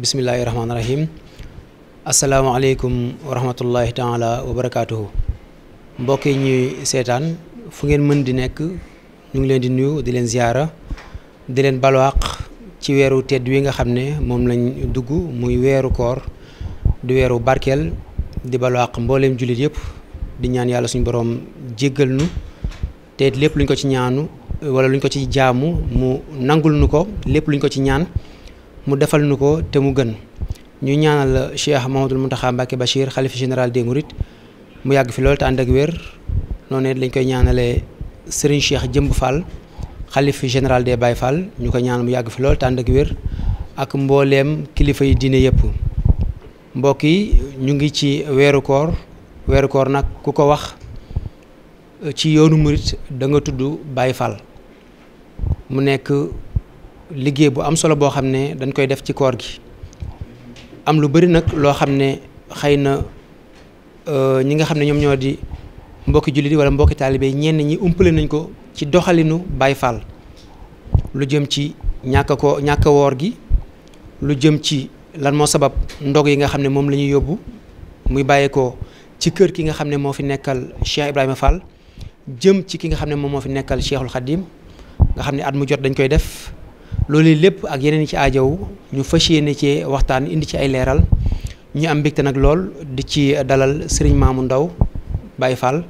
bismillaahi rahmaani rahiim asalaamaaleykum wa rahmatullahi taala wa barakaatuhu mbokk yi ñuy seetaan fu ngeen mën di nekk ñu ngi leen di nuyu di leen ziyaara di leen balwaq ci weeru tedd wi nga xam ne moom lañ dugg muy weeru koor di weeru barkeel di balwaq mbooleem jullit yëpp di ñaan yàlla suñu borom jéggal nu te lépp luñ ko ci ñaanu wala luñ ko ci jaamu mu nangul nu ko lépp luñ ko ci ñaan mu defal nu ko te mu gën ñu ñaanal Cheikh Mamadou Mountakha Mbacké Bachir xalifa général des Mourides mu yàgg fi lool te ànd ak wér noonu lañ koy ñaanale Serigne Cheikh Jëmb Fall xalifa général des Baye Fall ñu ko ñaanal mu yàgg fi lool te ànd ak wér ak mbooleem kilifa yi diine yëpp mbokk yi ñu ngi ci weeru koor weeru koor nag ku ko wax ci yoonu murit danga tudd Baye Fall mu nekk. liggéey bu am solo boo xam ne dañ koy def ci koor gi am lu bari nag loo xam ne xëy na euh, ñi nga xam ne ñoom ñoo di mbokki jullit yi wala mbokki taalibe ñenn ñi umpale nañ ko ci doxalinu Baay Faal lu jëm ci ñàkk ko ñàkk woor gi lu jëm ci lan moo sabab ndog yi nga xam ne moom lañuy yóbbu muy bàyyeekoo ci kër ki nga xam ne moo fi nekkal Cheikh Ibrahima Fall jëm ci ki nga xam ne moom moo fi nekkal Cheikhul nga xam ne at mu jot dañ koy def loolu lépp ak yeneen ci aajow ñu fas yéene ci waxtaan indi ci ay leeral ñu am mbégte nag lool di ci dalal sëriñ Maamu Ndaw Baye Fall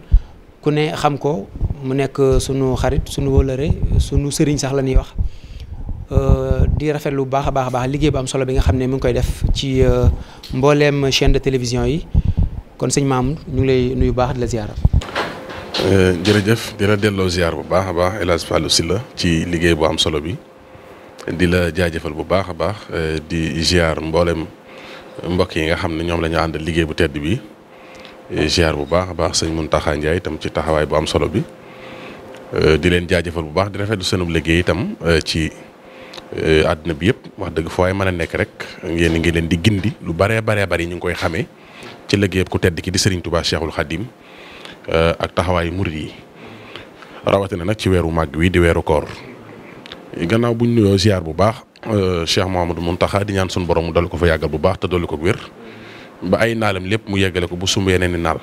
ku ne xam ko mu nekk sunu xarit sunu wóllëre sunu sëriñ sax la ñuy wax euh, di rafet lu baax a baax a baax liggéey bu am solo bi nga xam ne mu ngi koy def ci euh, mbooleem chaîne de télévision yi kon sëñ Maam ñu ngi lay nuyu baax di la ziar. Euh, jërëjëf dina delloo ziar bu baax a baax El Hadj Fallou Sylla ci liggéey bu am solo bi. di la jaajëfal bu baax a baax eh, di ziar mboolem mbokk yi nga xam ne ñoom lañu ñu ànd liggéey bu tedd bi eh, ziar bu baax a baax sëñ Mountakha Ndiaye itam ci taxawaay bu am solo bi eh, di leen jaajëfal bu baax di rafetlu seenub liggéey itam ci àdduna bi yëpp wax dëgg foo ay mën a nekk rek yéen ngi leen di gindi lu baree baree bari ñu ngi koy xamee ci liggéey ku tedd ki di Serigne Touba Cheikhul Khadim ak taxawaayu murid yi rawatina nag ci weeru màgg wi di weeru koor. gannaaw bu ñu nuyoo ziar bu baax euh, Cheikh Mouhamadou Mountakha di ñaan suñu borom mu dal ko fa yàggal bu baax te dolli ko wér ba ay naalam lépp mu yeggale ko bu sumb yeneen naal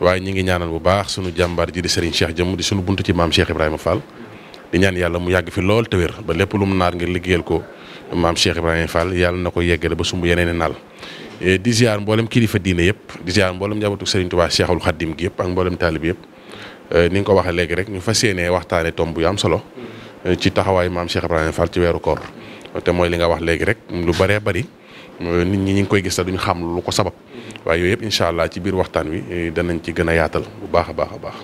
waaye ñi ngi ñaanal bu baax sunu jàmbaar ji di Serigne Cheikh jëm di sunu buntu ci maam Cheikh Ibrahima Fall ñaan yàlla mu yàgg fi lool te wér ba lépp lu mu naar ngir liggéeyal ko maam Cheikh Ibrahima Fall yàlla na ko yeggale ba sumb yeneen naal eh, di ziar mboolem kilifa diine yëpp di ziar mboolem njabootu Serigne Touba Cheikhul Khadim gi yëpp ak mboolem taalib yëpp eh, ni nga ko waxee léegi rek ñu fas yéenee waxtaane toom yu am solo ci taxawaayu maam Cheikh Ibrahima Fall ci weeru koor te mooy li nga wax léegi rek lu bëree bëri nit ñi ñu ngi koy gis te duñ xam lu ko sabab waaye yooyu yëpp incha allah ci biir waxtaan wi eh, danañ ci gën a yaatal bu baax a baax a baax.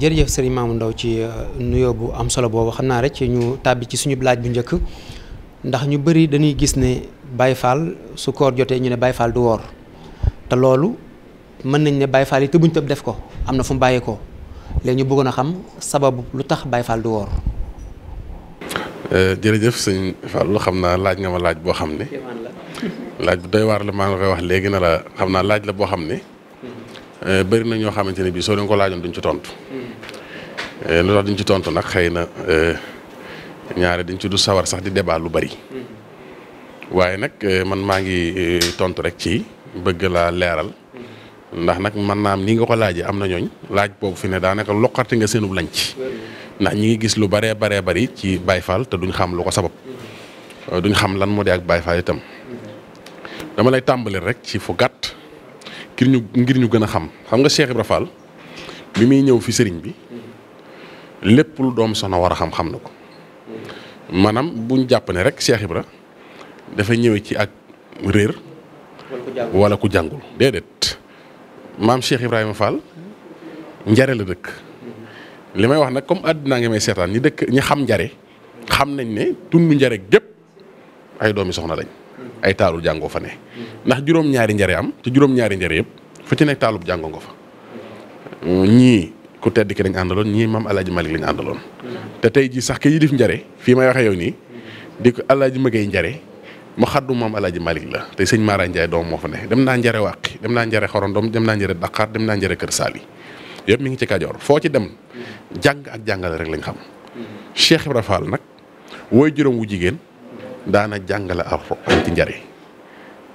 jërëjëf sëriñ Mamour ndaw ci euh, nuyoo bu am solo boobu xam naa rek ñu tàbbi ci suñu laaj bu njëkk ndax ñu bari dañuy gis ne Baye Fall su koor jotee ñu ne Baye Fall du woor te loolu mën nañ ne Baye Fall yi buñ tëb def ko am na fu mu bàyyeekoo léegi ñu bëggoon a xam sababu lu tax Baye Fall du woor. Euh, jërëjëf sëñ Fallou xam naa laaj nga ma laaj boo xam ne laaj bu day waar la maa ngi koy wax léegi na la xam naa laaj la boo xam ne mm-hmm. euh, bari na ñoo xamante ne bii soo leen ko laajoon duñ ci tontu mm-hmm. euh, lu tax duñ ci tontu nag xëy na ñaare dañ ci du sawar sax di débat lu bari mm-hmm. waaye nag man maa ngi tontu rek ci bëgg laa leeral ndax nag man naam ni nga ko laajee am na ñooñ laaj boobu fi ne daanaka loqati nga seenub lañ ci ndax ñi ngi gis lu baree baree bari ci Baye Fall te duñ xam lu ko sabab euh, duñ xam lan moo di ak Baye Fall itam dama lay tàmbali rek ci fu gàtt ngir ñu ngir ñu gën a xam xam nga Cheikh Ibra Fall bi muy ñëw fi sëriñ bi lépp lu doom soxna war a xam xam na ko maanaam buñ jàpp ne rek Cheikh Ibra dafa ñëwee ci ak réer. walla ku jàngul déedéet maam Cheikh Ibrahima Fall njare la dëkk. li may wax nag comme àddinaa ngi may seetaan ñi dëkk ñi xam njare xam nañ ne tund njare gépp ay doomi soxna lañ ay taalul jàngoo fa ne ndax juróom-ñaari njare am te juróom-ñaari njare yëpp fu ci nekk taalub jàngoo nga fa ñii ku tedd ki lañ àndaloon ñii maam alaaji malik lañ àndaloon te tey jii sax ka yilif njare fii may waxee yow nii di ko alaaji mëgay njare mu xaddu moom alaaji malik la te sëñ Mara Ndiaye doom moo fa ne dem naa njare wàqi dem naa njare xorondom dem naa njare Dakar dem naa njare kër Saali yëpp mi ngi ci Kajoor foo ci dem jàng ak jàngale rek lañ xam. Cheikh Ibra Fall nag wooy juróom wu jigéen daana jàngale alxuraan ci njare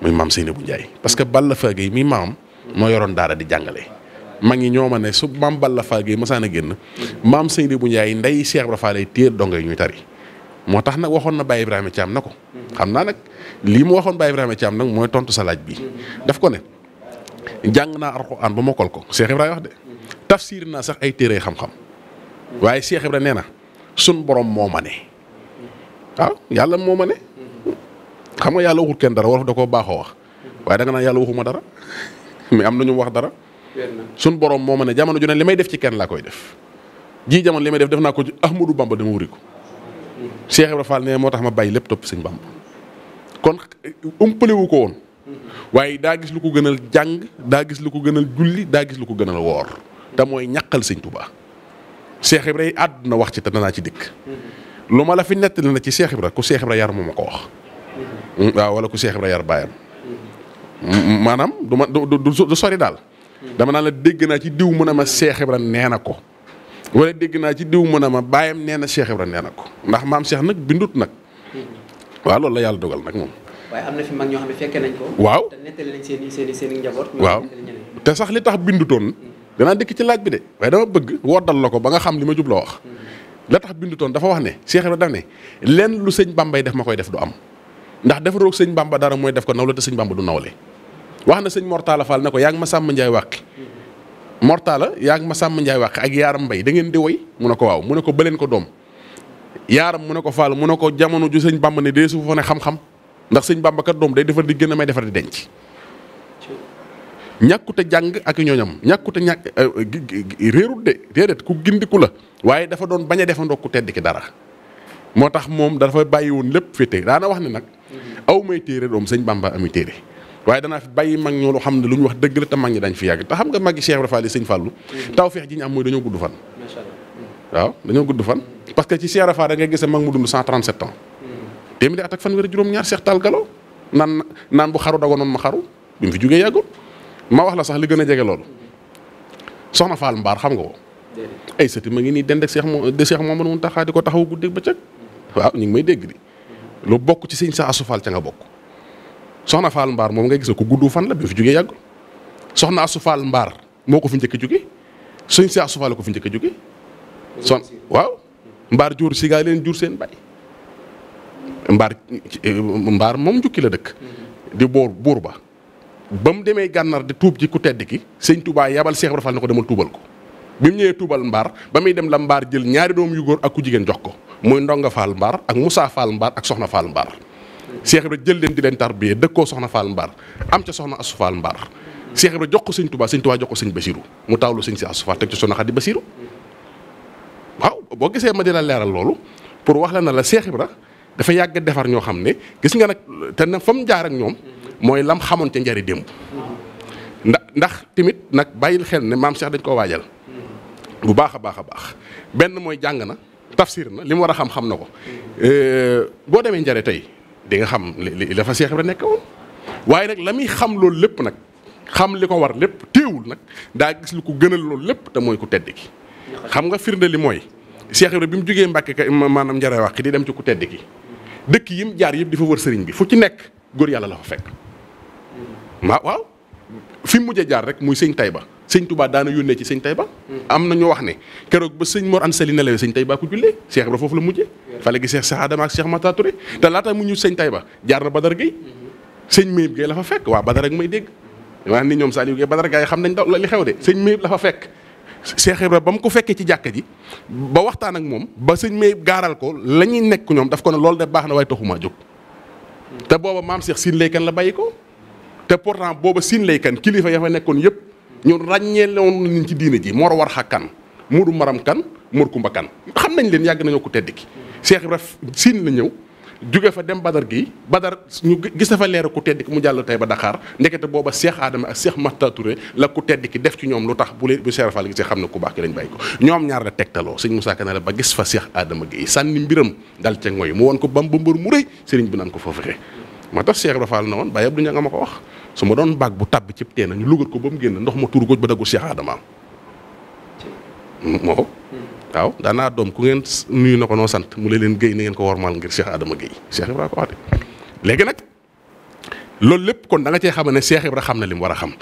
muy maam Seynabou Ndiaye parce que Balla Faage yi mii maam moo yoroon daara di jàngale. ma ngi ñoo ma ne su maam Balla Faage yi masaan a génn maam Seynabou Ndiaye ndey Cheikh Ibra Fall téer dongo yi ñuy tari. moo tax nag waxoon na Baye Ibrahima Thiam na ko. xam naa nag lii mu waxoon Baye Ibrahima Thiam nag mooy tontu sa laaj bi def ko ne jàng naa alxuraan ba mokkal ko Cheikh tafsir naa sax ay téere xam-xam waaye Cheikh Ibra nee na sun borom moo ma ne waaw yàlla moo ma ne xam nga yàlla waxul kenn dara wolof da koo baaxoo wax waaye da nga yàlla yàlla ma dara mais am na ñu wax dara. sun borom moo ma ne jamono ju ne li may def ci kenn laa koy def ji jamono li may def def naa ko ci Ahmadou Bamba dama wuri ko Cheikh Ibra Fall nee moo tax ma bay lépp topp sëñ Bamba kon umpale ko woon mm-hmm. waaye daa gis lu ko gënal jàng daa gis lu ko gënal julli daa gis lu ko gënal woor. te mooy ñàqal sëñ Touba Cheikh Ibra yi àdduna wax ci te danaa ci dikk. lu ma la fi nettali na ci Cheikh Ibra ku Cheikh Ibra yar moo ma ko wax. Hmm, waaw wala ku Cheikh Ibra yar baayam. Hmm, maanaam du ma du sori daal. dama naan la dégg naa ci diw mu ne ma seex Ibra nee na ko. wala dégg naa ci diw mu ne ma baayam nee na Cheikh Ibra nee na ko ndax maam Cheikh nag bindut nag. waaw loolu la yàlla dogal nag moom. waaw te sax li tax bindutoon. danaa dikk ci laaj bi de waaye dama bëgg woddal la ko ba nga xam li ma jubloo wax la tax bindu toon dafa wax ne Cheikh Ibrahima daf ne lenn lu sëñ Bambay def ma koy def du am ndax defaroo sëñ Bamba dara mooy def ko nawle te sëñ Bamba du nawle wax na sëñ Mortala Fall ne ko yaa ngi ma sàmm Njaay wàqi Mortala yaa ngi ma sàmm Njaay wàqi ak yaaram mbay da ngeen di woy mu ne ko waaw mu ne ko baleen ko doom yaaram mu ne ko Fall mu ne ko jamono ju sëñ Bamba ne dee su fa ne ndax sëñ Bamba doom day defar di gën a may defar di denc ñàkkute jàng ak ñooñam ñàkkute ñàkk eh, eh, réerut de déedéet ku gindiku la waaye dafa doon bañ a defandoo ku tedd ki dara moo tax moom dafa bàyyi woon lépp féete daana wax ne nag aw may téere doom sëñ Bamba ami téere waaye danaa fi bàyyi mag ñoo loo xam ne lu ñu wax dëgg la te mag ñi dañ fi yàgg te xam nga magi Cheikh Ibra Fall sëñ Fallou mhm. taw feex ji ñu am mooy dañoo gudd fan waaw dañoo gudd fan parce que ci Cheikh Ibra Fall da ngay gis mag mu dund 137 ans mhm. téeméeri a ak fanweeri juróom-ñaar Cheikh Tall Galo naan naan bu xaru dagonoon ma xaru bi mu fi jógee yàggul ma wax la sax li gën a jege loolu soxna Fall Mbaar xam nga ko. ay sëti ma ngi nii dend ak seex moom de seex moom mënul taxaa di ko taxaw guddeeg bëccëg waaw ñu ngi may dégg di lu bokk ci sëñ sa asu Fall ca nga bokk soxna Fall Mbaar moom ngay gis ne gudd fan la bi fi jógee yàgg soxna Mbaar moo ko fi njëkk a jóge sëñ sa asu ko fi njëkk jóge son waaw Mbaar jur jur seen bay Mbaar Mbaar moom njukki la dëkk mm-hmm. di boor buur ba ba mu demee gànnaar di tuub ji ku tedd ki sëñ Touba yabal Cheikh Ibra Fall ne ko demal tuubal ko bi mu ñëwee tuubal mbaar ba muy dem la mbaar jël ñaari doom yu góor ak ku jigéen jox ko muy Ndonga faal mbaar ak Moussa Fall mbaar ak Soxna Fall mbaar. Cheikh Ibra jël leen di leen tarbiyee dëkkoo Soxna Fall mbaar am ca Soxna Assou Fall mbaar Cheikh Ibra jox ko sëñ Touba sëñ Touba jox ko sëñ Basirou mu tawlu sëñ si Assou Fall teg ci Soxna Xadi Basirou waaw boo gisee ma di leeral loolu pour wax la na la Cheikh Ibra dafa yàgg defar ñoo xam ne gis nga nag te na fa mu jaar ak ñoom mooy lam xamoon ca njare démb ndax ndax tamit nag bàyyil xel ne maam Cheikh dañ koo waajal bu baax a baax a baax benn mooy jàng na tafsir na li mu war a xam xam na ko euh, boo demee njare tey di nga xam li la fa Cheikh Ibra nekk woon waaye nag la muy xam loolu lépp nag xam li ko war lépp téewul nag daa gis lu ko gënal loolu lépp te mooy ku tedd ki xam nga firnde li mooy Cheikh Ibra bi mu jógee Mbàkke ka maanaam njare wax di dem ci ku tedd ki dëkk yim jaar yëpp di fa wër bi fu ci nekk góor yàlla la fa fekk ma waaw fi mu mujjee jaar rek muy sëñ Tayba sëñ Touba daana yónnee ci sëñ ba am na ñu wax ne keroog ba sëñ Mor Anta Sali nelawee sëñ Tayba ku jullee Cheikh Ibra foofu la mujjee. fale gi Cheikh Adama ak ma Mata Touré te laata mu ñu sëñ ba jaar na Badar Gueye. sëñ Mayib Gueye la fa fekk waa Badar ak may dégg. wax ni ñoom Saliou Gueye Badar Gueye xam nañ daw li xew de sëñ Mayib la fa fekk. Cheikh Ibra ba mu ko fekkee ci jàkka ji ba waxtaan ak moom ba sëñ Mayib gaaral ko la ñuy nekk ñoom daf ko ne loolu de baax na waaye taxumaa jóg te booba maam Cheikh Sine lay la bàyyi ko te pourtant booba siin lay kan kilifa ya fa nekkoon yëpp ñun ràññeeloon nañ ci diina ji Mor Warxa kan Mourou Maram kan Mor Kumba kan xam nañ leen yàgg nañoo ko tedd ki. Cheikh Ibrahima siin la ñëw jóge fa dem Badar gi Badar ñu gis dafa leer ku tedd ki mu jàll tey ba Dakar ndekete booba Cheikh Adama ak Cheikh Makhtar Touré la ku tedd ki def ci ñoom lu tax bu leen bu Cheikh Fall gisee xam ne ku baax ki lañ bàyyi ko. ñoom ñaar la tegtaloo sëñ Moussa Kane la ba gis fa Cheikh Adama Guèye sànni mbiram dal ca ngoy mu woon ko bam ba mbër mu rëy sëriñ bi naan ko foo moo tax Cheikh Ibrahima Fall na woon bàyyi Abdou Ndiang ma ko wax su ma doon baag bu tàbbi cib teen ñu lugat ko ba mu génn ndox ma tuur ko ba daggu Cheikh Adama moo ko hmm. hmm, waaw hmm. daanaa doom ku ngeen nuyu na ko noo sant mu leen géy na ngeen ko wormaal ngir Cheikh Adama Guèye Cheikh Ibra ko wax léegi nag loolu lépp kon da nga cee xam ne Cheikh Ibra xam na li mu war a xam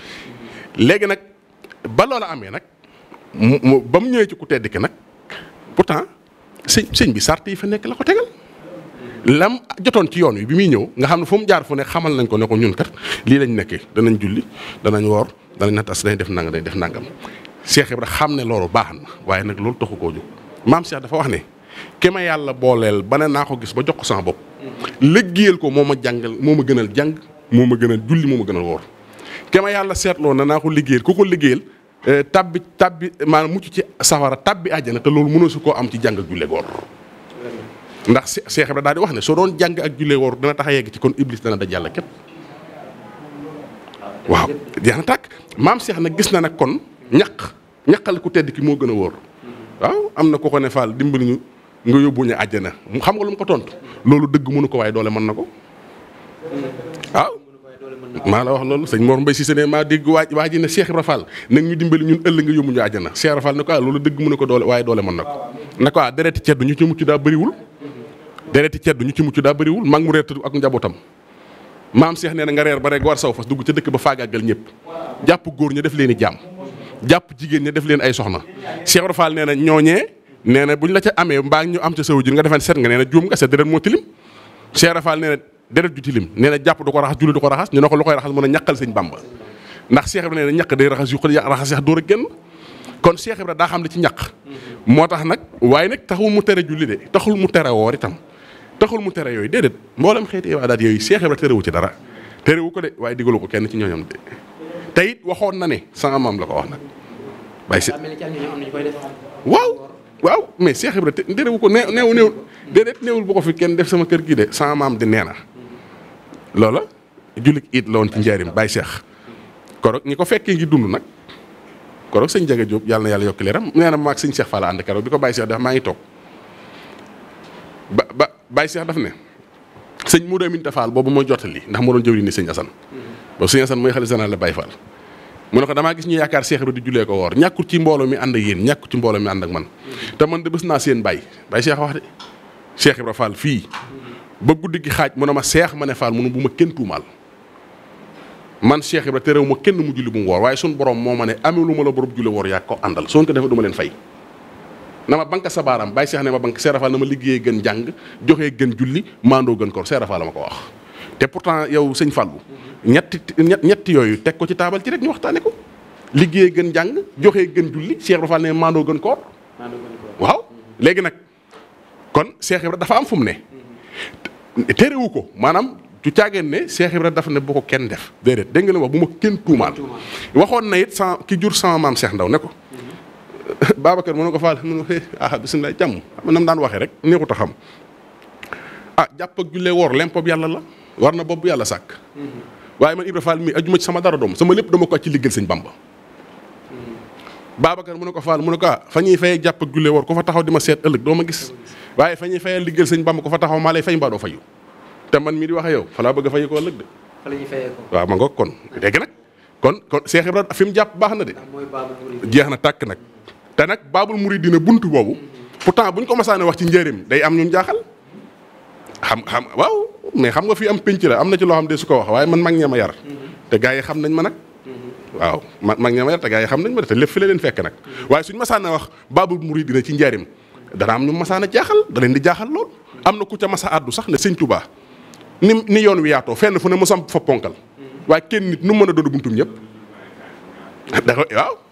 léegi nag ba loolu amee nag mu ba mu ñëwee ci ku tedd ki nag temps sëñ sëñ bi sart yi fa nekk la ko tegal. lam jotoon ci yoon wi bi muy ñëw nga xam ne fu mu jaar fu ne xamal nañ ko ne ko ñun kat lii lañ nekkee danañ julli danañ woor danañ natas dañ def nangam dañ def nangam Cheikh Ibra xam ne loolu baax na waaye nag loolu taxu koo jóg maam Cheikh dafa wax ne ki yàlla booleel ba ne naa ko gis ba jox ko sama bopp liggéeyal ko moo ma jàngal moo ma gënal jàng moo ma gënal julli moo ma gënal woor ki yàlla seetloo na naa ko liggéeyal ku ko liggéeyal eh, tabbi tabbi maanaam mucc ci safara tabbi àjjana te loolu mënoo su koo am ci jàng julle goor ndax Cheikh Ibrahima daal di wax ne soo doon jàng ak jullee woor dana tax a yegg ci kon Iblis dana daj yàlla képp waaw jeex na tàkk maam Cheikh nag gis na nag kon ñaq ñaqal ku tedd ki moo gën a woor waaw am na ko ko ne Fall dimbali ñu nga yóbbu ñu àjjana xam nga lu mu ko tontu loolu dëgg mënu ko waaye doole mën na ko waaw. maa la wax loolu sëñ Mor Mbaye Cissé ne maa dégg waa waa ji ñu dimbali ñun ëllëg nga yóbbu ñu àjjana Cheikh Ibra Fall ne ko ah loolu dëgg mënu ko doole waaye doole man na ko. na ko ah deret ceddu ñu ci mucc daa bariwul dereti ceddu ñu ci mucc daa bëriwul mag mu reer tëdd ak njabootam maam seex nee na nga reer ba rek war saw fas dugg ca dëkk ba faagaagal ñëpp jàpp góor ña def leen i jaam jàpp jigéen ña def leen ay soxna Cheikh Ibra Fall nee na ñooñee nee na buñ la ca amee mbaa ñu am ca saw jur nga defeen set nga nee na juum nga set deret moo tilim Cheikh Ibra Fall nee na deret ju tilim nee na jàpp du ko raxas julli du ko raxas ñu ne ko lu koy raxas mën a ñaqal sëñ Bamba ndax Cheikh Ibra nee na ñaq day raxas yu ko raxas yax dóor a génn kon Cheikh Ibra daa xam li ci ñaq moo tax nag waaye nag taxul mu tere julli taxul mu tere woor itam taxul mu tere yooyu déedéet mboolem xeeti ibaadaat yooyu Seex Ibra terewu ci dara terewu ko de waaye digalu ko kenn ci ñooñam de te it waxoon na ne sama maam la ko wax nag. bàyyi si waaw waaw mais Seex Ibra terewu ko neew neew neewul déedéet newul bu ko fi kenn def sama kër gi de sama maam di nee na loola jullit it la ci njaarim bàyyi Seex korog ñi ko fekkee ngi dund nag korog sëñ Jaga Jóob yàlla na yàlla yokk leeram nee na maag sëñ Seex ànd keroog bi ko bàyyi Seex maa ngi toog ba ba Baye Cheikh daf ne sëñ Mourou Aminta Fall boobu moo jottali ndax moo doon jëwriñ ni sëñ Assane. Mm-hmm. boobu sëñ Assane mooy xalifa général la Baye Fall. mu ne ko damaa gis ñu yaakaar Cheikh Ibra di julee ko woor ñàkkul ci mbooloo mi ànd ak yéen ñàkkul ci mbooloo mi ànd ak man. Mm-hmm. te man de bés naa seen Baye Baye a wax de Cheikh Ibra Fall fii. Mm-hmm. ba guddi gi xaaj mu ne ma seex ma ne Fall mu ne bu ma kenn tuumaal man Cheikh Ibra terew ma kenn mu julli bu mu woor waaye suñu moo ma ne amelu ma la borom julli woor yaa àndal soo ko defee leen fay na ma banque sa baaraam bàyyi seex ne ma banque seerafaal na ma liggéeyee gën jàng joxee gën julli maandoo gën koor seerafaal la ma ko wax te pourtant yow sëñ Fallou ñetti ñetti yooyu teg ko ci taabal ci rek ñu waxtaane ko liggéeyee gën jàng joxe gën julli Cheikh Ibra Fall ne maandoo gën koor waaw léegi nag kon Cheikh Ibra dafa am fu mu ne terewu ko maanaam du caageen ne Cheikh Ibra daf ne bu ko kenn def déedéet dégg nga la wax bu ma kenn tuumaal waxoon na it san ki jur sama maam Cheikh Ndaw ne Babacar mu ne ko Fall mu ne ko eh, ah bisimilah jàmm nam daan waxee rek ko a xam ah jàpp ak jullee woor lemp yàlla la war na bopp yàlla sàkk. waaye man Ibra Fall mii ajuma ci sama dara doom sama lépp dama ko ci liggéeyal sëñ Bamba. Babacar mu ne ko Fall mu ne ko ah fa ñuy fayee jàpp ak jullee woor ko fa taxaw di ma seet ëllëg doo ma gis waaye fa ñuy fayee liggéeyal sëñ Bamba ko fa taxaw maa lay fay mbaa doo fayu te man mii di wax yow fa laa bëgg a fayee ko ëllëg de. fa ko waaw ma ngoog kon dégg nag kon kon Cheikh Ibrahima fi jàpp baax na de jeex na tàkk nag te nag baabul muridina bunt boobu pourtant ñu ko masaane wax ci njëriñ day am ñun jaaxal xam xam waaw mais xam nga fii am penc la am na ci loo xam de su ko wax waaye man mag ña ma yar te gars yi xam nañ ma nag waaw man mag ña ma yar te yi xam nañ ma nag lépp fi leen fekk nag waaye suñ masaane wax baabul muridina ci njëriñ dana am ñu masaane jaaxal da leen di jaaxal lool am na ku ca masa àddu sax ne sëñ Tuubaa ni ni yoon wi yaatoo fenn fu ne mu samp fa ponkal waaye kenn nit nu mën a doon buntum ñëpp da waaw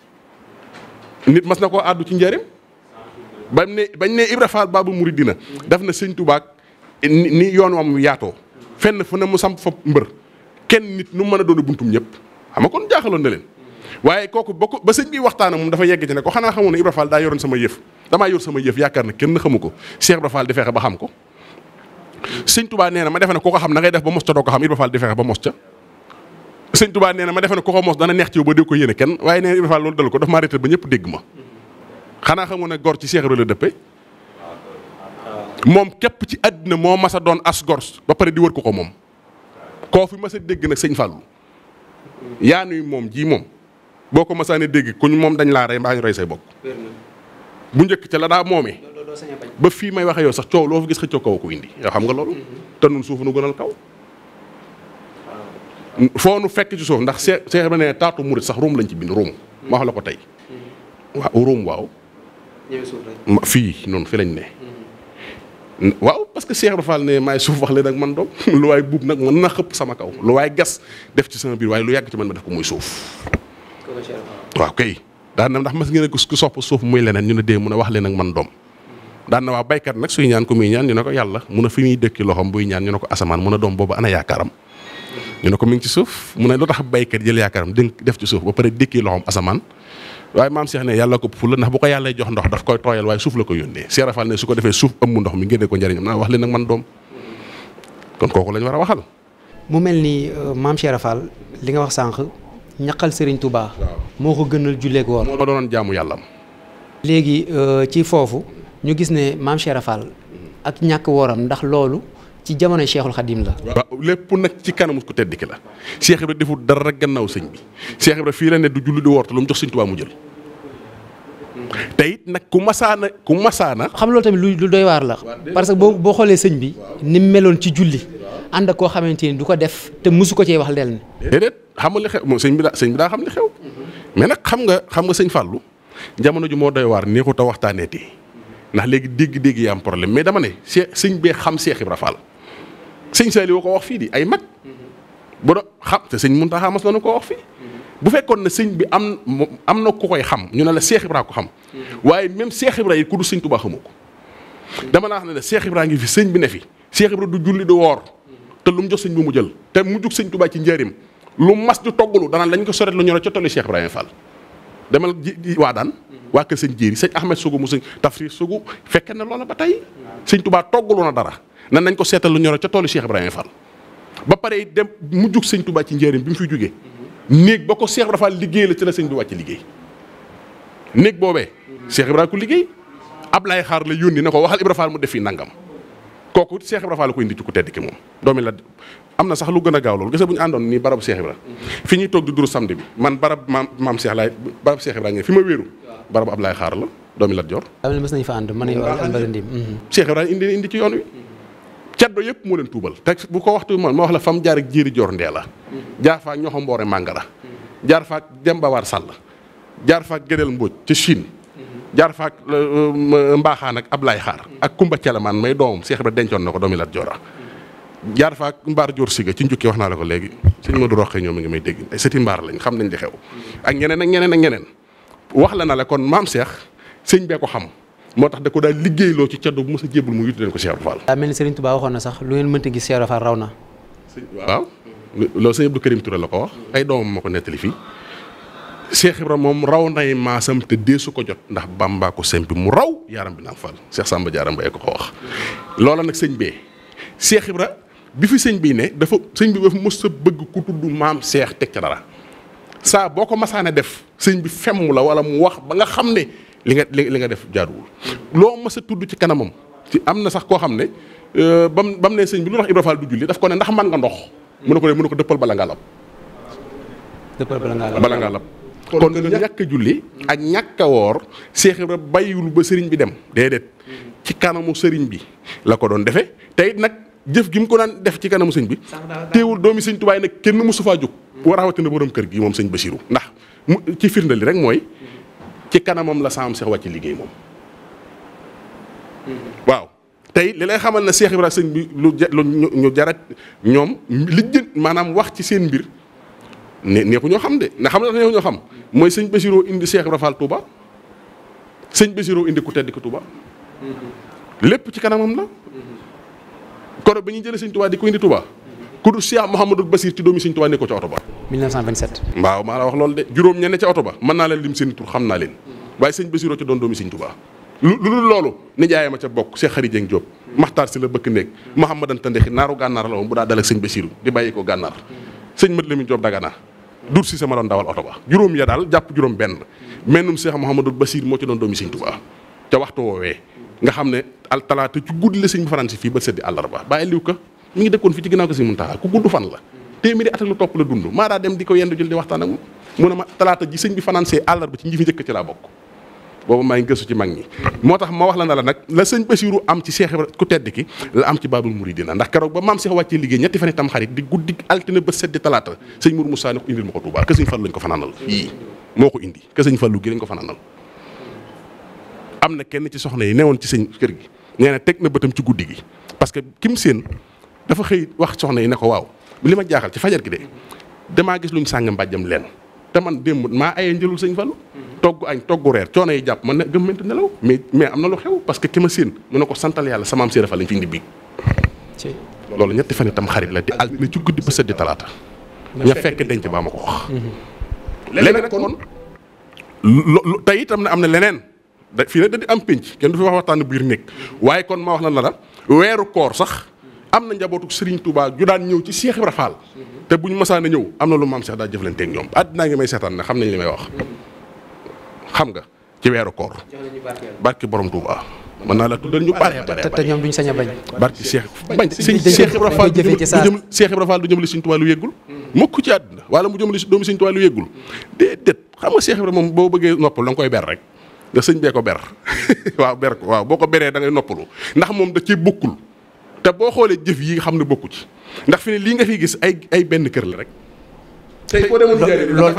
nit mas na ko àddu ci njëriñ bañ ne bañ ne Ibra Fall Baabu Muridina daf na sëñ Tuubaa ni yoon wam yaatoo fenn fu ne mu samp fa mbër kenn nit nu mën a doon buntum ñëpp xam nga kon jaaxaloon na leen waaye kooku ba ko ba sëñ bi waxtaana moom dafa yegg ci ne ko xanaa xamoon ne Ibra Fall daa yoroon sama yëf damaa yor sama yëf yaakaar na kenn xamu ko Cheikh Ibra Fall di fexe ba xam ko sëñ Tuubaa nee na ma defe ne koo ko xam na ngay def ba mos ca doo ko xam Ibra sëñ Tuubaa nee ma defe ne ko ko mos dana neex ci yow ba dégg ko yéene kenn waaye nee na Ibra Fall loolu ko daf maa reetal ba ñëpp dégg ma xanaa xamoon ne gor ci Seex Ibra la moom képp ci àddina moo mas doon as gor ba pare di wër ko ko moom koo fi mas a dégg nag sëñ Fallou yaa nuy moom jii moom boo ko masaane dégg kuñ moom dañ laa rey mbaa ñu rey say bokk bu njëkk ca la daa moomee ba fii may waxe yow sax coow loo fa gis xëccoo kaw ko indi yoo xam nga loolu mm-hmm. te nun suuf nu gënal kaw foo nu fekk ci suuf ndax see seex ba ne taatu murit sax Rome lañ ci bind Rome ma la ko tey waaw Rome waaw fii noonu fi lañ ne mm-hmm. waaw parce que Cheikh Ibra Fall ne maay suuf waay buub nag mën na xëpp sama kaw lu waay gas def ci sama biir waaye lu yàgg ci man ma def muy suuf. waaw a gis ku wax leen ak man doom mm-hmm. daan na waa baykat nag suy ñaan ko muy ñaan ñu ne ko yàlla mun a fi muy dëkki loxoom buy ñaan ñu ne ko asamaan mun a doom boobu ana yaakaaram. ñu ne ko mi ngi ci suuf mu ne lu tax baykat jël yaakaaram dénk def ci suuf ba pare dékki loxoom asamaan waaye maam Cheikh ne yàlla ko fula ndax bu ko yàlla jox ndox daf koy tooyal waaye suuf la ko yónnee Cheikh Rafal ne su ko defee suuf ëmb ndox mi génne ko njëriñam naa wax leen nag man doom kon kooku lañ war a waxal. mu mel ni euh, maam Cheikh Rafal li nga wax sànq ñaqal Serigne Touba. moo ko gënal julleeg woor. moo doonoon jaamu yàllam. léegi euh, ci foofu ñu gis ne maam Cheikh ak ñàkk wooram ndax loolu ci jamonoy Cheikhul Khadim la. waaw lépp nag ci kanamu ku tedd ki la Cheikh Ibra deful dara gannaaw sëñ bi Cheikh Ibra fii la ne du julli di woortu lu mu jox sëñ Tuubaa mu jël. te it nag ku masaana ku masaana. xam loolu tamit lu doy waar la parce que boo boo xoolee sëñ bi ni meloon ci julli ànd ak koo xamante ni du ko def te musu ko cee wax leel ne. déedéet xam nga li moom sëñ bi daa sëñ daa xam mhm. mais nag xam nga xam nga sëñ Fallou jamono ji moo doy waar neexut a waxtaaneeti ndax léegi dégg-dégg yaa am problème mais dama ne sëñ bee xam Cheikh Ibra Fall sëñ Saliou ko wax fii di ay mag. bu do xam te sëñ Mountakha mas nañu ko wax fii. bu fekkoon ne sëñ bi am am na ku koy xam ñu ne la Cheikh Ibra ko xam. waaye même seex Ibra yi ku du sëñ Tuubaa xamoo ko. dama naa xam ne ne Cheikh ngi fi sëñ bi ne fi Cheikh Ibra du julli du woor. lu mu jox sëñ bi mu jël te mu jug sëñ Tuubaa ci njëriñ lu mas di toggalu danaan lañ ko soret lu ñoro ca tolli Cheikh Ibrahima Fall. demal ji waa daan waa kër sëñ Jéeri sëñ Ahmed Sougou mu sëñ Tafsir Sougou fekke ne loola ba tey sëñ Tuubaa toggalu na dara nan nañ ko seetal lu ñoro ca toolu Cheikh Ibrahima Fall ba pare dem mu jug sëñ Touba ci njëriñ bi mu fi jógee néeg ba ko seex Ibrahima Fall liggéey la ci la sëñ bi wàcc liggéey néeg boobee Cheikh Ibrahima ko liggéey Ablaye Xaar la yónni na ko waxal Ibrahima mu def fii nangam kooku seex Ibrahima Fall la ko indi ci ku tedd ki moom doomi la am na sax lu gën a gaaw loolu gis bu ñu àndoon nii barabu Cheikh Ibrahima fi ñuy toog di duru samedi bi man barab maam maam Cheikh laay barab Cheikh Ibrahima fi ma wéeru barabu Ablaye Xaar la doomi Lat Joor mës nañ fa ànd mën nañu Cheikh Ibrahima indi indi ci yoon caddo yëpp moo leen tuubal te bu ko waxtu man ma wax la fam jaar ak jiiri jor ndee la jaar faak ñoxo mboore màngara jaar faak demba war sàll jaar faak gëdel mbóoj ca Chine jaar faak euh, euh, mbaaxaan ak Ablaay Xaar ak Kumba Celemaan may doomam Seex Ibra dencoon na ko doomi Lat Joora jaar faak mbaar joor siga ci njukki wax naa la ko léegi suñ ma du roqee ñoom mi ngi may dégg ay sëti mbaar lañ xam nañ li xew ak ñeneen ak ñeneen ak ñeneen wax la na lekkoon maam Seex sëñ bee ko xam moo tax da ko daan liggéeyloo ci caddu bu mos a jébul mu yutu leen ko Cheikh Ibra na sax lu ngeen mënti gis Cheikh Ibra raw na. waaw loolu sëñ Abdou Karim Touré la ko wax ay doomam ma ko nettali fii Cheikh Ibra moom raw nay maasam te deesu ko jot ndax Bàmba ko sempi mu raw yaaram bi naam Fall Cheikh Samba Diarra Mbaye ko ko wax. loola nag sëñ bee Cheikh Ibra bi fi sëñ bi ne dafa sëñ bi dafa mos a bëgg ku tudd maam Cheikh teg ca dara saa boo ko masaane def sëñ bi femm la wala mu wax ba nga xam ne li nga li nga def jaaduwul. loo mës a tudd ci kanamam ci am na sax koo xam ne euh, bam bam ne sëñ bi lu tax Ibra Fall du julli daf ko ne ndax man nga ndox. mu ne ko de mu ne ko dëppal bala ngaa lab. bala ngaa lab bala ngaa lab. kon ñàkk julli ak ñàkk a woor Seex Ibra bàyyiwul ba sëriñ bi dem déedéet ci kanamu sëriñ bi la ko doon defee te it nag jëf gi mu ko daan def ci kanamu sëñ bi teewul doomi sëñ Tuubaa nag kenn musu faa jóg war a rawatina borom kër gi moom sëñ Basiru ndax mu ci firnde li rek mooy ci kanamam la saam seex ci liggéey moom waaw tey li lay xamal na Seex Ibra sëñ bi lu ñu jarat ñoom lijjën maanaam wax ci seen mbir ne neexu ñoo xam de ne xam na neexu ñoo xam mooy sëñ Bésiroo indi Seex Ibra Fall sëñ Bésiroo indi ku tedd ko Touba mm-hmm. lépp ci kanamam la mm-hmm. koro bi ñuy jëlee sëñ Touba di ko indi Touba ku du Cheikh Mouhamadou Bassir ci doomi Sëriñ Tuubaa ne ko ca oto ba 1927 waaw maa la wax loolu de juróom ñenn ca oto ba mën naa leen lim seen tur xam naa leen lu dul loolu nijaayam a ca bokk Cheikh Xari Dieng Diop Maxtaar si la bëkk néeg Mouhamadan Tandexi naaru gànnaar la woon bu daa dal ak sëñ di bàyyi ko gànnaar sëñ Mat Lamin Diop Dagana dur sama doon dawal oto ba juróom ya daal jàpp juróom benn mennum Cheikh Mouhamadou Bassir moo ci doon doomi Sëriñ Tuubaa ca waxtu woowee nga xam ne al la sëñ bi faransi fii mi ngi dëkkoon fii ci ginnaaw ko Sëriñ Muntaxa ku gudd fan la téeméeri at ak lu topp la dund maa daa dem di ko yendu jël di waxtaan ak moom mu ma talaata ji sëñ bi fanaanse àllarba ci ñi fi njëkk ci laa bokk boobu maa ngi ci mag ñi moo tax ma wax la na la nag la sëñ Basiru am ci Seex Ibra ku tedd ki la am ci Baabul Muridina ndax keroog ba maam Seex wàccee liggéey ñetti fan itam xarit di guddi altine ba sedd talaata sëñ Mourou Moussa ne ko indil ma moo ko indi ke sëñ Fallu gi lañ ko fanaanal am na kenn ci soxna yi newoon ci sëñ kër gi nee na teg na bëtam ci guddi gi parce que kim seen dafa xëy wax soxna yi ne ko waaw li ma jaaxal ci fajar gi de damaa gis luñ sàng mbàjjam leen te man démb maa ayee njëlul sëñ Fallu togg añ togg reer coono yi jàpp man ne gëm mënta nelaw mais mais am na lu xew parce que ki ma séen mu ne ko santal yàlla sama am fa lañ fi indi biig loolu ñetti fan itam xarit la di altine ci guddi ba sëddi talaata ña fekk denc baa ma ko wax mhm. léegi nag kon lo tey itam ne am na leneen da fii ne da di am pénc kenn du fi wax waxtaan biir nekk mhm. waaye kon ma wax na la weeru koor sax am na njabootu Serigne Touba ju daan ñëw ci Cheikh Ibra Fall mhm. te buñ masaan a ñëw am na lu maam Cheikh daa jëflante ak ñoom àddinaa ngi may seetaan na xam nañ li may wax xam nga ci weeru koor barki borom Touba mën naa la tuddal ñu bare bare te ñoom duñ sañ a bañ barki Cheikh bañ sëñ Cheikh Ibra Fall du jëm Cheikh Ibra Fall du jëm li Serigne Touba lu mhm. wala mu jëm li doomu Serigne Touba lu yëggul déedéet xam nga Cheikh Ibra moom boo bëggee noppal da nga koy ber rek nga sëñ bee ko ber waaw ber ko waaw boo ko beree dangay ngay noppalu ndax moom da ci bokkul te boo xoolee jëf yi xam ne bokku ci ndax fi ne lii nga fi gis ay ay benn kër la rek. tey boo demoon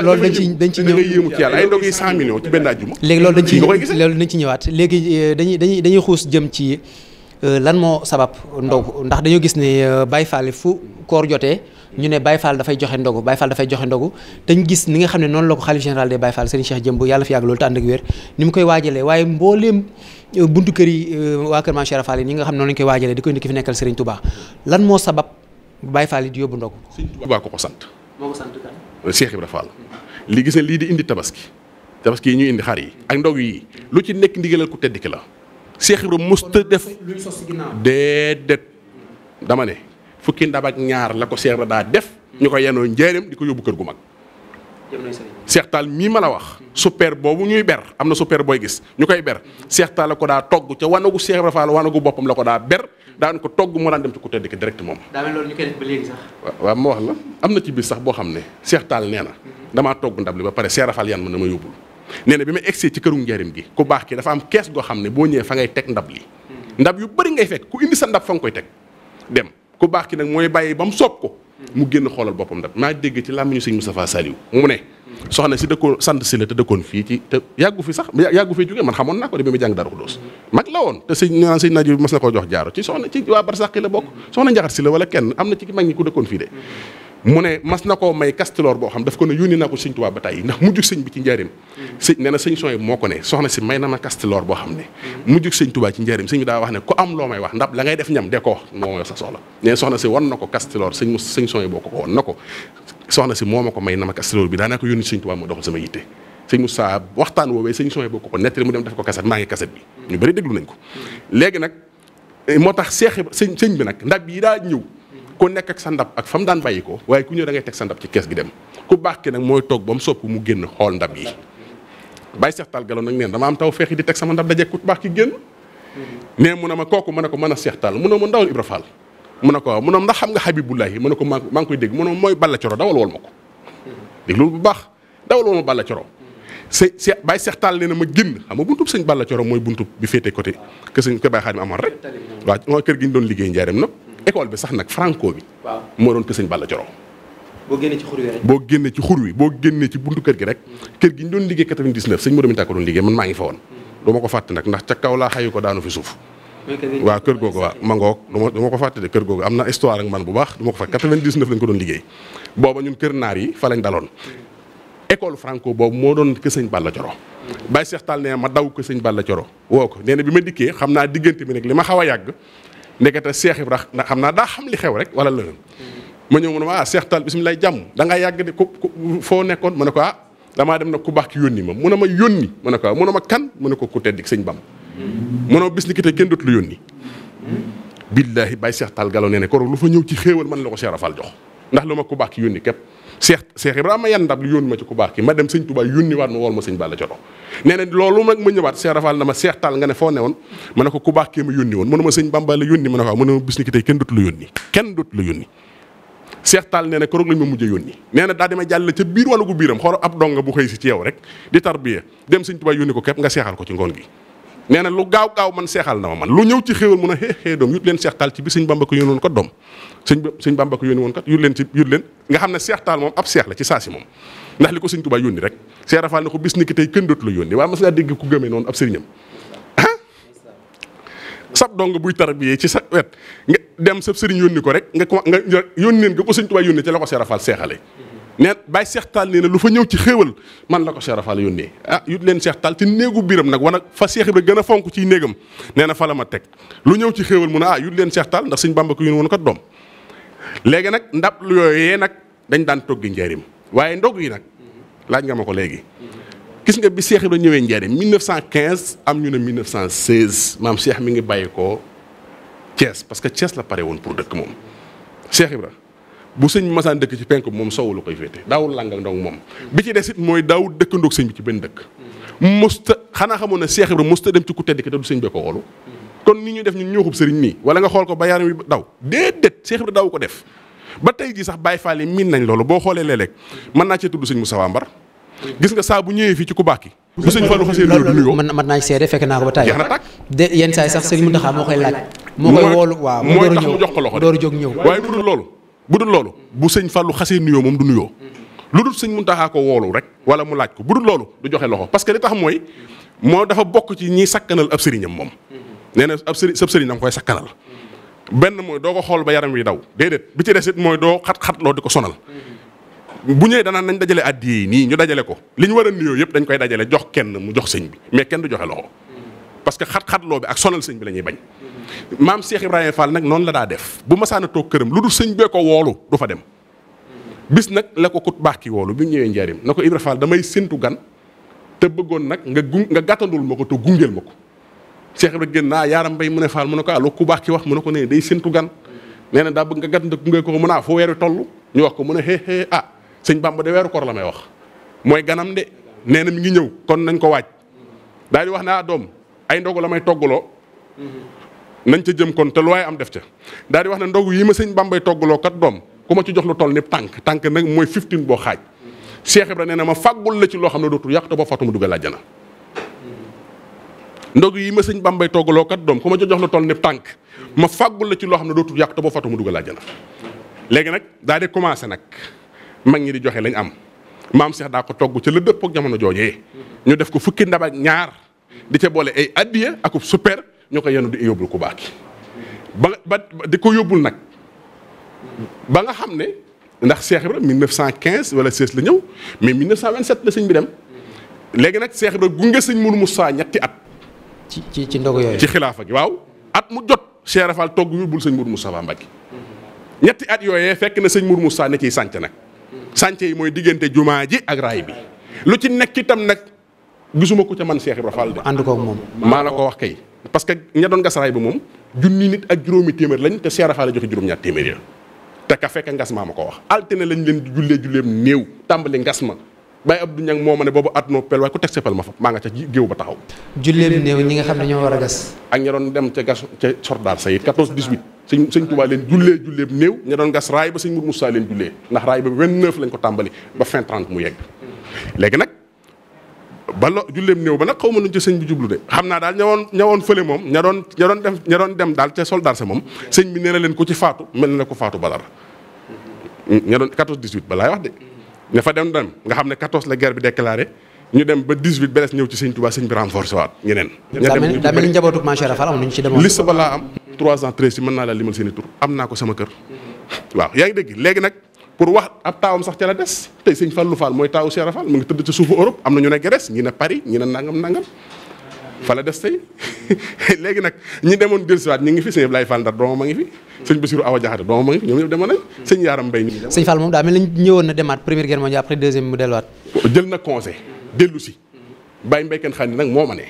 loolu dañ ci dañ ci ñëw yéemu ci yàlla ay ndog yi 100 millions ci benn àjjuma. léegi loolu dañ ci loolu dañ ci ñëwaat léegi euh, dañuy dañuy dañuy xuus jëm ci euh, lan moo sabab ndog ndax dañoo gis ne euh, Baye Fall fu koor jotee ñu ne Baye Fall dafay joxe ndogu Baye Fall dafay joxe ndogu dañ gis ni nga xam ne noonu la ko xalif général des Baye Fall Serigne Cheikh Jëmb yàlla fi yàgg loolu te ànd ak wér ni mu koy waajalee waaye mbooleem euh, buntu kër yi euh, waa kër Fall yi nga xam ne koy waajalee di koy indi ki fi nekkal Serigne Touba lan moo sabab Baye Fall yi di yóbbu ndogu Serigne Touba ko ko sant moo ko sant kan euh, Cheikh lii di indi tabaski tabaski yi ñuy indi xar yi ak ndog yi lu ci nekk ndigalal ku tedd ki la Cheikh Ibra musta def déedéet dama ne fukki ndab ak ñaar la ko Cheikh Ibra daa def ñu ko yenoo njëriñam di ko yóbbu kër gu mag Cheikh Tall mii ma la wax super boobu ñuy ber am na super booy gis ñu koy ber Cheikh Tall la ko daa togg ca wanagu Cheikh Ibra Fall wanagu boppam la ko daa ber daan ko togg moo daan dem ci ku tedd ki direct moom daa waaw ma wax la am na ci biir sax boo xam ne Cheikh Tall nee na damaa togg ndab li ba pare Cheikh Ibra yan ma na ma yóbbul nee bi ma egsee ci këru njëriñ gi ku baax ki dafa am kees goo xam ne boo ñëwee fa ngay teg ndab li hmm. ndab yu bëri ngay fekk ku indi sa ndab fa nga koy teg dem ku baax ki nag mooy bàyyi ba mu soob ko mu génn xoolal boppam nag maa dégg ci làmmiñu sëñ Moustapha Saliou mu ne soxna si dëkkoon sant si la te dëkkoon fii ci te yàggu fi sax yàggu fi jógee man xamoon naa ko de mu jàng Daaru Xudoos mag la woon te sëñ naa sëñ naaj bi mas na koo jox jaaro ci soxna ci waa barsàq la bokk soxna njaxat si la wala kenn am na ci mag ñi ku dëkkoon fii de mu ne mas na ko may kastiloor boo xam daf ko ne yónni naa ko sëñ Tuubaa ba tey ndax mujjug sëñ bi ci njaarim sëñ nee na sëñ sooy moo ko ne soxna may na ma kastiloor boo xam ne mujjug sëñ Tuubaa ci njaarim sëñ bi wax ne ku am loo may wax ndab la ngay def ñam de ko wax moo sa soxla nee na na ko kastiloor sëñ mu sëñ sooy ko ko wan na ko soxna si moo ma ko may na ma kastiloor bi daanaa ko yónni sëñ Tuubaa moo doxal sama yitte sëñ Moussa waxtaan woowee sëñ sooy boo ko ko nettali mu dem def ko kaset maa ngi kaset bi ñu bëri déglu nañ ko léegi nag moo tax seex sëñ sëñ bi nag ndab yi daa ñëw ku nekk ak sa ndab ak fa mu daan bàyyi ko waaye ku ñëw da teg sa ndab ci kees gi dem ku baax ki nag mooy toog ba mu sopp mu génn xool ndab yi bàyyi seex taal galo nag neen dama am taw feexi di teg sama ndab daje ku baax ki génn nee mu ne ma kooku mën a ko mën a seex taal mu ma ndawal Ibra mu ne ko waaw mu ne ndax xam nga Habibullahi mu ne ko maa maa ngi koy dégg mu ne mooy Balla Coro dawal wol ma ko dégg loolu bu baax dawal wol ma Balla Coro se se bàyyi seex taal ma génn xam nga buntub sëñ Balla Coro mooy buntub bi féete côté que sëñ ko bàyyi xaadim amoon rek waaw kër gi ñu doon liggéey njaareem na école bi sax nag franco bi. moo doon kër sëñ Balla Coro. boo génnee ci xur wi boo génnee ci ci buntu kër gi rek. kër gi ñu doon liggéey 99 sëñ Modou mm-hmm. ma ko fàtte nag ndax ca kaw laa xayu ko daanu fi suuf. waaw kër googu waaw mangoog du ko fàtte kër googu am na histoire ak man bu baax du ma ko fàtte 99 lañ ko naar yi fa lañ daloon mm-hmm. école franco boobu moo doon kër sëñ Balla Coro mm-hmm. Baye Cheikh Tall ne ma daw ko sëñ Balla Coro woo ko nee bi ma dikkee xam naa diggante bi nag li ma xaw a yàgg ndekete Seex Ibra ndax xam naa daa xam li xew rek wala lërëm ma ñëw mu ne ma ah Seex Taal bisimilah jàmm da ngaa yàgg de ku foo nekkoon ma ne ko ah damaa dem na ku baax ki yónni ma mun ne ma yónni ma ne ko ah mu ne ma kan mu ne ko ku tedd sëñ Bam mu a ma bis ni ki tey kenn dootu lu yónni billaahi Baye Seex Taal Galo nee ne ko lu fa ñëw ci xéewal man la ko Seex Rafal jox ndax lu ma ku baax ki yónni képp Cheikh Cheikh Ibrahima yan ndab yónni ma ci ku ki ma dem sëñ Touba yónni waat ma wool ma sëñ Balla Coto nee na loolu nag ma ñëwaat Cheikh Rafal na ma Cheikh Tall nga ne foo ne woon ma ne ko ku baax kii ma yónni woon mu ne ma sëñ Bamba la yónni ma ne ko mu ne ma bis ni kenn dootu la yónni kenn dootu la yónni Cheikh Tall nee na lañ ma mujj a yónni nee na daa dima jàll ca biir wala gu biiram xool ab donga bu xëy si ci yow rek di tarbiya dem sëñ Touba nga seexal ko ci ngoon gi nee na lu gaaw gaaw man seexal na ma man lu ñëw ci xéewal mun a xëy xëy doom yut leen seextaal ci bi sëñ bamba ko yónni woon kat doom sëñ sëñ bamba ko yónni woon kat leen ci yut leen nga xam ne seextaal moom ab seex la ci saasi moom ndax li ko sëñ Tuubaa na ko bis ni ki tey kenn dootu la yónni waaye mas ngaa dégg ku gëmee noonu ab sëriñam ah? sab dong buy tarbiyee ci sa wet nga dem sab sëriñ yónni ko rek nga nga yónni leen nga ko sëñ Tuubaa yónni ci la ko Seex Rafaal seexale ne Baye Cheikh Tall nee na lu fa ñëw ci xéewal man la ko Cheikh Rafal yónnee a ah yut leen Cheikh Tall ci néegu biiram nag wana fa Cheikh Ibra gën a fonk ciy néegam nee na fa la ma teg lu ñëw ci xéewal mu ne ah yut leen Cheikh Tall ndax suñ Bàmba ko yónni woon kat doom léegi nag ndab yooyee nag dañ daan toggi njëriñ waaye ndog yi nag laaj nga ma ko léegi gis nga bi Cheikh Ibra ñëwee njëriñ 1915 am ñu ne 1916 maam Cheikh mi ngi bàyyi ko Thiès parce que Thiès la pare woon pour dëkk moom Cheikh Ibra bu sëñ masaan dëkk ci penk moom sowu la koy féete daawul langa ndong moom bi ci des it mooy daawul dëkkandoog sëñ bi ci benn dëkk musta xanaa xamoon ne Seex Ibra musta dem ci ku tedd ki te ko woolu kon ni ñuy def ñun ñooxub sëriñ nii wala nga xool ko ba yaram wi daw déedéet Seex Ibra daw ko def ba tey jii sax Baay Faal yi miin nañ loolu boo xoolee léeg-léeg mën naa cee tudd sëñ Moussa Wambar gis nga bu ñëwee fii ci ku bàkki bu sëñ Fallou xasee nuyoo du nuyoo man man naa seede na tàkk de yenn saa yi sax sëriñ Mountakha moo koy laaj moo koy woolu waaw mooy tax mu jox dooru jóg ñëw waaye bu dul loolu bu dul loolu bu sëñ Fallou xasee nuyoo moom du nuyoo lu dul sëñ Muntaxa ko woolu rek wala mu laaj ko bu dul loolu du joxe loxo parce que li tax mooy moo dafa bokk ci ñiy sakkanal ab sëriñam moom nee na ab sëriñ sab sëriñ koy sakkanal benn mooy doo ko xool ba yaram wi daw déedéet bi ci des mooy doo xat-xat loo di ko sonal bu ñëwee danaan nañ dajale addiya yi nii ñu dajale ko li ñu war a nuyoo yëpp dañ koy dajale jox kenn mu jox sëñ bi mais kenn du joxe loxo parce que xat-xat loo bi ak sonal sëñ bi la ñuy bañ maam Cheikh Ibrahima Fall nag noonu la daa def bu masaana toog këram lu du sëñ bee ko woolu du fa dem bis nag la ko kut baax ki woolu bi ñëwee njaarim na ko Ibrahima Fall damay séntu gan te bëggoon nag nga gun nga gàttandul ma ko te gungeel ma ko Cheikh Ibrahima génn naa yaaram bay mu ne Fall mu ne ko allo ku baax ki wax mu ne ko nee day séntu gan nee na daa bëgg nga gàttandul gungeel ko mu a ah, foo weeru toll ñu wax ko mu ne hee hee ah sëñ Bamba de weeru koor la may wax mooy ganam de nee na mi ngi ñëw kon nañ ko waaj daal di wax naa ah, doom ay ndogu la may toggaloo nañ ca jëm kon te lu waaye am def ca daa di wax ne ndogu yi ma sëñ Bambay toggaloo kat doom ku ma ci jox lu toll ni tànk tànk nag mooy fifteen boo xaaj Cheikh Ibra nee na ma fàggul la ci loo xam ne dootul yàq te boo faatu ma dugal àjjana ndog yi ma sëñ Bambay toggaloo kat doom ku ma jox lu toll ni tànk ma fàggul la ci loo xam ne dootul yàq te boo faatu ma dugal léegi nag daal di commencé nag mag ñi di joxe lañ am maam Cheikh daa ko togg ca la dëpp ak jamono joojee ñu def ko fukki ndab ñaar di ca boole ay addiya akub super. ñoo ko yenu di yóbbul ku baax ki ba di ko yóbbul nag ba nga xam ne ndax Cheikh Ibrahima 1915 wala 16 la ñëw mais 1927 la sëñ bi dem léegi nag Cheikh Ibrahima gunge sëñ Mourou Moussa ñetti at. ci ci ci ndogu yooyu. ci xilaafa gi waaw at mu jot Cheikh Rafal togg yóbbul sëñ Mourou Moussa Mbacke ñetti at yooyee fekk na sëñ Mourou Moussa ne ciy sànc nag. sànc yi mooy diggante jumaa ji ak raay bi lu ci nekk itam nag. gisuma ko ca man Cheikh Ibra Fall de. ànd koog moom maa la ko wax kay. parce que ña doon gas raay ba moom junni nit ak juróomi téeméer lañ te Cheikh la joxe juróom-ñaar téeméer ya te ka fekk ngas maa ma ko wax. altine lañ leen di jullee julleem néew tàmbali ngas ma Baye Abdou moo ma ne boobu at noo pel waaye ku teg maa nga ca géew ba taxaw. julleem néew ñi nga xam ne ñoo war a gas. ak ña doon dem ca gas ca Sordaar Sayid 14 18. sëñ sëñ Touba leen jullee julleem néew ña doon gas raay ba sëñ mu Moussa leen jullee ndax raay ba 29 lañ ko tàmbali ba fin 30 mu yegg nag ba julleem néew ba nag xaw ma luñ ci sëñ bi jublu de xam naa daal ñawoon ñawoon fële moom ña doon dem daal ca soldar sa moom sëñ bi nee leen ko ci faatu mel na ko faatu balar ña doon 14 18 balaay wax de ña fa dem dem nga xam ne 14 la guerre bi déclaré ñu dem ba 18 beres ñëw ci sëñ Tuubaa sëñ bi renforcé waat ñeneen. ña dem ñu bëri njabootu Maam Cheikh Fall am nañu ci demoon liste naa la limal seen i tur am naa ko sama kër waaw yaa pour wax ab taawam sax ca la des tey sëñ Fallou faal mooy taawu Cheikh Fall mu ngi tëdd ci suufu Europe am na ñu ne Grèce ñi ne Paris ñi ne nangam nangam fa la des tey léegi nag ñi demoon dellusiwaat ñu ngi fi sëñ Ablaye Fall Ndar ngi fi sëñ Bassirou Awa Diakhaté doomam a ngi fi ñoom ñëpp demoon nañ sëñ Yaaram Mbaye nii sëñ Fall moom daa mel ni ñëwoon na demaat première guerre mondiale après deuxième mu delluwaat jël na conseil dellu si bàyyi mbéykan xam ne nag moo ma ne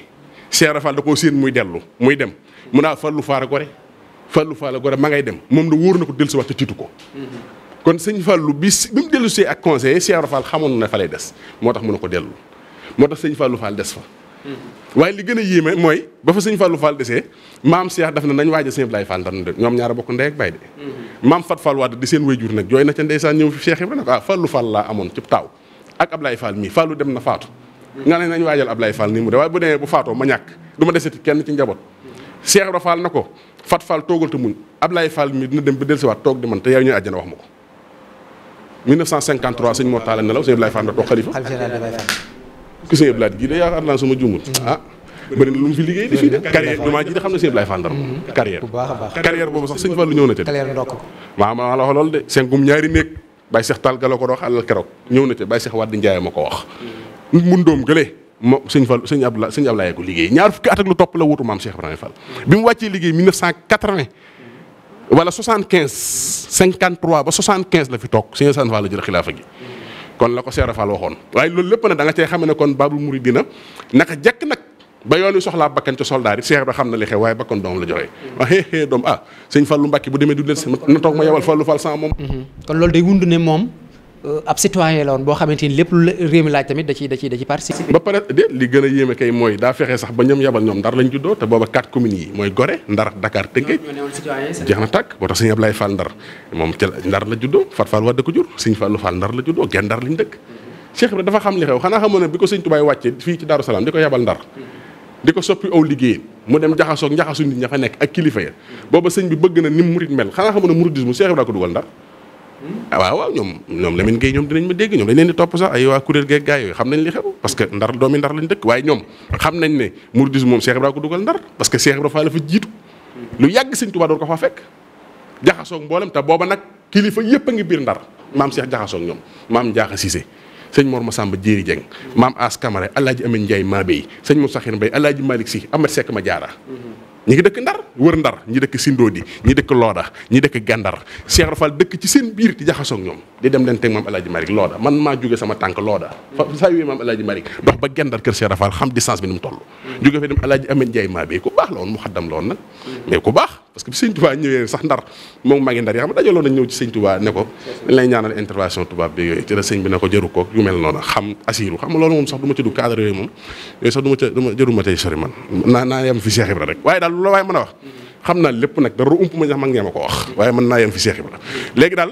Cheikh Fall da koo séen muy dellu muy dem mu naa Fallou Fall gore Fallou Fall gore ma ngay dem moom da wóor na ko dellusiwaat te tiitu ko kon sëñ Fallou bi bi mu dellu see ak conseiller Cheikh Ibra Fall na fa lay des moo tax mënu ko dellu moo tax sëñ Fallou Fall des fa. Hmm. waaye li gën a yéeme mooy ba fa sëñ Fallou Fall desee maam Cheikh daf na waaj a sëñ Ablaye ñoom ñaar bokk ndey ak baay de. Hmm. maam jooy na ca ndeysaan ñëw fi Cheikh ah, laa amoon ci taaw ak Ablaye na faatu. Hmm. ne nañ waajal Ablaye Fall nii mu de waaye bu demee bu faatoo ma ñàkk ma deseti kenn ci njaboot. na ko Fat Fall toogal te muñ Ablaye Fall mii dina dem ba dellusiwaat toog di man te yow ñooy àjjana wax ma ko 1953 sëñ Mor Talla nelaw sëñ Abdoulaye Fall toog xalifa ki sëñ Abdoulaye gii de yaakaar naa suma jumul mm. ah bëri na lu mu fi liggéey di fii de carrière jumaa ji de xam ne sëñ Abdoulaye Fall mm. carrière carrière boobu sax sëñ Fallu ñëw na ca maa ma la wax loolu de sengum ñaari néeg Baye Cheikh Tall gala ko dox àllal keroog ñëw na ca Baye Cheikh Wade Ndiaye ma ko wax mm. mun doom gële mo sëñ Fall sëñ Abdoulaye sëñ Abdoulaye ko liggéey ñaar fukki at lu topp la wutu maam Cheikh wala 75 53 ba 75 la fi toog Serigne Assane Fall la jël xilaafa gi kon la ko Serigne Fall waxoon waaye loolu lépp nag da nga cee xam ne kon Babul Mouridina naka jekk nag ba yoon soxlaa bakkan ca soldaar yi Serigne ba xam na li xew waaye bakkan doom la joxe. wax xëy doom ah sëñ Fallou Mbacke bu demee du leen si na toog ma yebal Fallou Fall sans moom. Mhm. kon loolu day wund ne moom. Euh, ab citoyen la woon boo xamante ni lépp lu réew mi laaj tamit da ciy da ciy da ciy participer. ba pare déet li gën a yéeme kay mooy daa fexe sax ba ñoom yabal ñoom ndar lañ juddoo te booba quatre communes yi mooy Gorée Ndar Dakar Tëngéej. jeex na tàkk boo tax sëñ Ablaye Fall Ndar moom ca Ndar la juddoo Fat Fall Wade ko jur sëñ Fallou Ndar la juddoo genn Ndar lañ dëkk. Cheikh Ibrahima dafa xam li xew xanaa xamoon ne bi ko sëñ Tubaay wàcce fii ci Daaru Salaam di ko yabal Ndar di ko soppi aw mu dem jaxasoog njaxasu nit ña fa nekk ak kilifa ya booba sëñ na ni murit mel xanaa Ah, waaw waaw ñoom ñoom Lamine Gueye ñoom dinañ ma dégg ñoom dañ leen di topp sax ay waa kuréel geeg gaay yooyu xam nañ li xew parce ndar doomi ndar lañ dëkk waaye ñoom xam nañ ne mouridisme moom Cheikh Ibra ko dugal ndar parce que Cheikh Ibra Fall la fa jiitu lu yàgg Sëñ Tuubaa doon ko fa fekk jaxasoog mboolem te booba nag kilifa yëpp a ngi biir ndar maam Cheikh jaxasoog ñoom maam Njaaxa Sise sëñ Mor Masamba Jéeri Jeng maam As Kamara El Hadj Amin Ndiaye Mabey sëñ Moussa Xir Mbaye El Hadj Malick Si Amath Seck ma jaara ñi ngi dëkk ndar wër ndar ñi dëkk sindoodi ñi dëkk looda ñi dëkk gàndar Cheikh dëkk ci seen biir di jaxasoog ñoom di dem leen teg maam El Hadj Malick looda man maa jóge sama tànk looda fa saa yu maam El Hadj Malick dox ba gàndar kër Cheikh Rafal xam distance bi ni mu toll jóge fa sax ndar moom maa ngi ndar yaa xam dajaloo nañ ñëw ci Sëñ ne ko dañ lay ñaanal intervention tubaab bi yooyu ci ne ko jëru ko yu mel noonu xam asiru xam loolu moom sax du ma ci du cadre yooyu moom sax du ma ca tey sori man naa naa fi Cheikh rek waaye daal lu waaye mën a wax xam naa lépp nag dara ump ma sax mag ma ko wax waaye man naa yem fi Cheikh Ibra léegi daal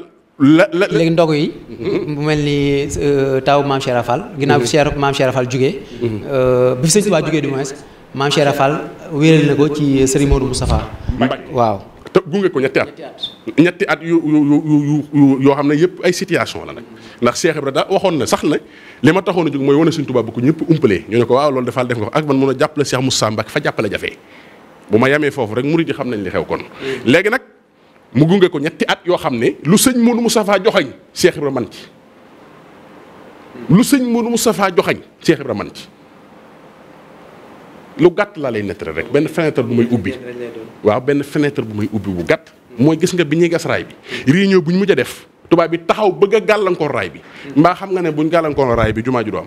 la la léegi ndog yi. mu hmm? mel ni euh, taw maam Cheikh Rafal. ginnaaw bi Cheikh maam Cheikh Rafal jugee. Hmm. Euh, bi sëñ Tuubaa jugee du moins maam Cheikh Rafal wéeral na ko ci Serigne Modou waaw. te gunge ko ñetti at. ñetti at yu yu yoo xam ne yëpp ay situation la nag ndax Cheikh Ibra daa waxoon na sax ne li ma taxoon a jóg mooy wane Sëñ Tuubaa bu ko ñëpp umpalee ñu ne ko waaw loolu dafaal def nga ko ak man mun a jàppale Cheikh Moussa Mbacke fa jàppale jafe. bu ma yamee foofu rek mu murid yi xam nañ li xew kon léegi nag mu gunge ko ñetti at yoo xam ne lu sëñ Modou Moustapha joxañ Cheikh Ibra man ci lu sëñ Modou Moustapha joxañ Cheikh Ibra man ci lu gàtt laa lay rek benn fenêtre bu may ubbi waaw benn fenêtre bu may ubbi bu gàtt mooy gis nga bi ñuy gas raay bi réunion bu ñu mujj a def tubaab bi taxaw bëgg a gàllankoor raay bi mbaa xam nga ne buñ gàllankoor raay bi jumaa ju do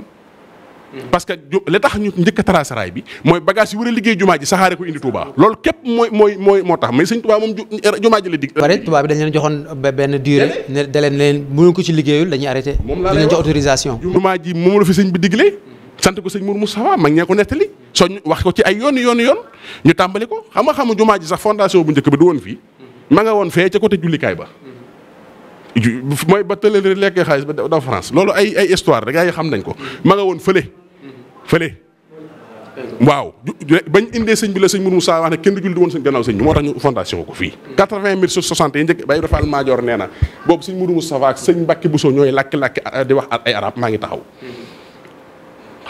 parce que li tax ñu njëkk a tracé raay bi mooy bagage yi war a liggéey jumaa ji saxaare ko indi Touba loolu képp mooy mooy moo tax mais sëñ Touba moom er, jumaa ji la dig pare Touba bi dañ leen joxoon benn durée moom la fi sëñ bi diglee sant ko sëñ Mourou Moustapha mag ñee ko nettali soñ wax ko ci ay yooni yooni yoon ñu tàmbali ko xam nga xamu jumaa ji sax fondation bu njëkk bi du woon fii ma nga woon fee ca côté jullikaay ba mooy ba tëlëri lekkee xaalis ba daw France loolu ay histoire rek xam nañ ko ma nga woon fële fële waaw bañ indee sëñ bi la sëñ Mourou Moussa wax ne kenn du julli woon sëñ gannaaw sëñ bi moo tax ñu fondation ko ngi taxaw xam